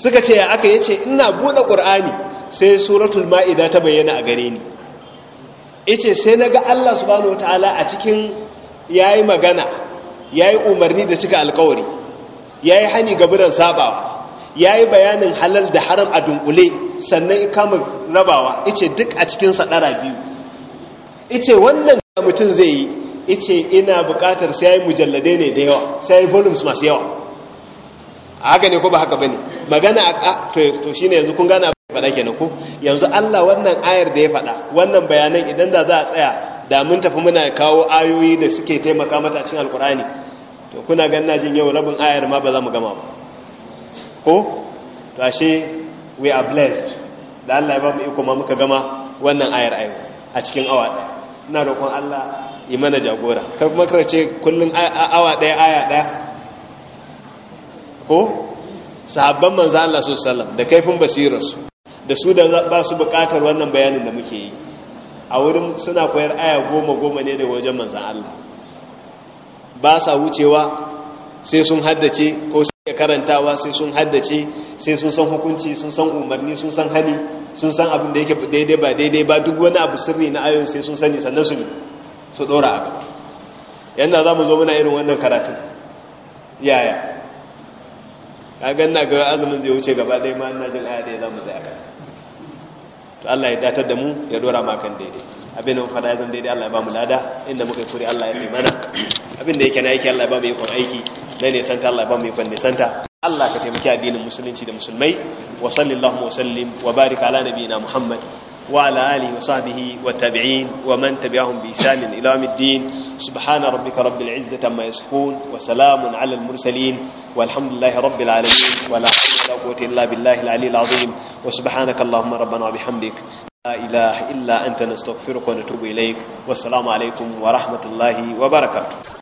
suka ce aka yi ce ina buɗe ƙur'ani sai suratul ma'ida ta bayyana a gare ni ice sai na ga allah subhanahu ta'ala a cikin ya yi magana ya yi umarni da cika alkawari ya yi hani gaburan sabawa ya yi bayanin halal da haram a dunkule sannan kama rabawa ice duk a cikin ɗara biyu ice wannan mutum zai yi ice ina buƙatar sai ya yi mujalladai ne da yawa sai ya yi volumes masu yawa haka ne ko ba haka bane magana to shine yanzu kun gana faɗa kenan ko yanzu Allah wannan ayar da ya faɗa wannan bayanan idan da za a tsaya da mun tafi muna kawo ayoyi da suke taimaka mata a cikin alkurani to kuna ganna jin yau rabin ayar ma ba za mu gama ba ko to ashe we are blessed da Allah ya ba mu iko ma muka gama wannan ayar ayo a cikin awa ɗaya ina roƙon Allah yi mana jagora kar kuma karce kullun awa ɗaya aya ɗaya ko sahabban manzo Allah sallallahu da kaifin basirarsu da su da ba su bukatar wannan bayanin da muke yi a wurin suna koyar aya goma goma ne daga wajen manzo Allah ba sa wucewa sai sun haddace ko sai karantawa sai sun haddace sai sun san hukunci sun san umarni sun san hali sun san abin da yake daidai ba daidai ba duk wani abu sirri na ayoyin sai sun sani sannan su su dora abu yanda za mu zo muna irin wannan karatun yaya kagan na ga azumin zai wuce gaba dai ma ina jin ayyade za mu tsaya kan to Allah ya datar da mu ya dora ma kan daidai abin da mu fada zan daidai Allah ya ba mu lada inda muka kuri Allah ya fi mana abin da yake na yake Allah ya ba mu ikon aiki na ne santa Allah ya ba mu ikon ne santa Allah ka taimaki addinin musulunci da musulmai wa sallallahu wa sallim wa barik ala nabiyina Muhammad وعلى آله وصحبه والتابعين ومن تبعهم بإسان إلى يوم الدين سبحان ربك رب العزة ما يصفون وسلام على المرسلين والحمد لله رب العالمين ولا حول ولا قوة إلا بالله العلي العظيم وسبحانك اللهم ربنا وبحمدك لا إله إلا أنت نستغفرك ونتوب إليك والسلام عليكم ورحمة الله وبركاته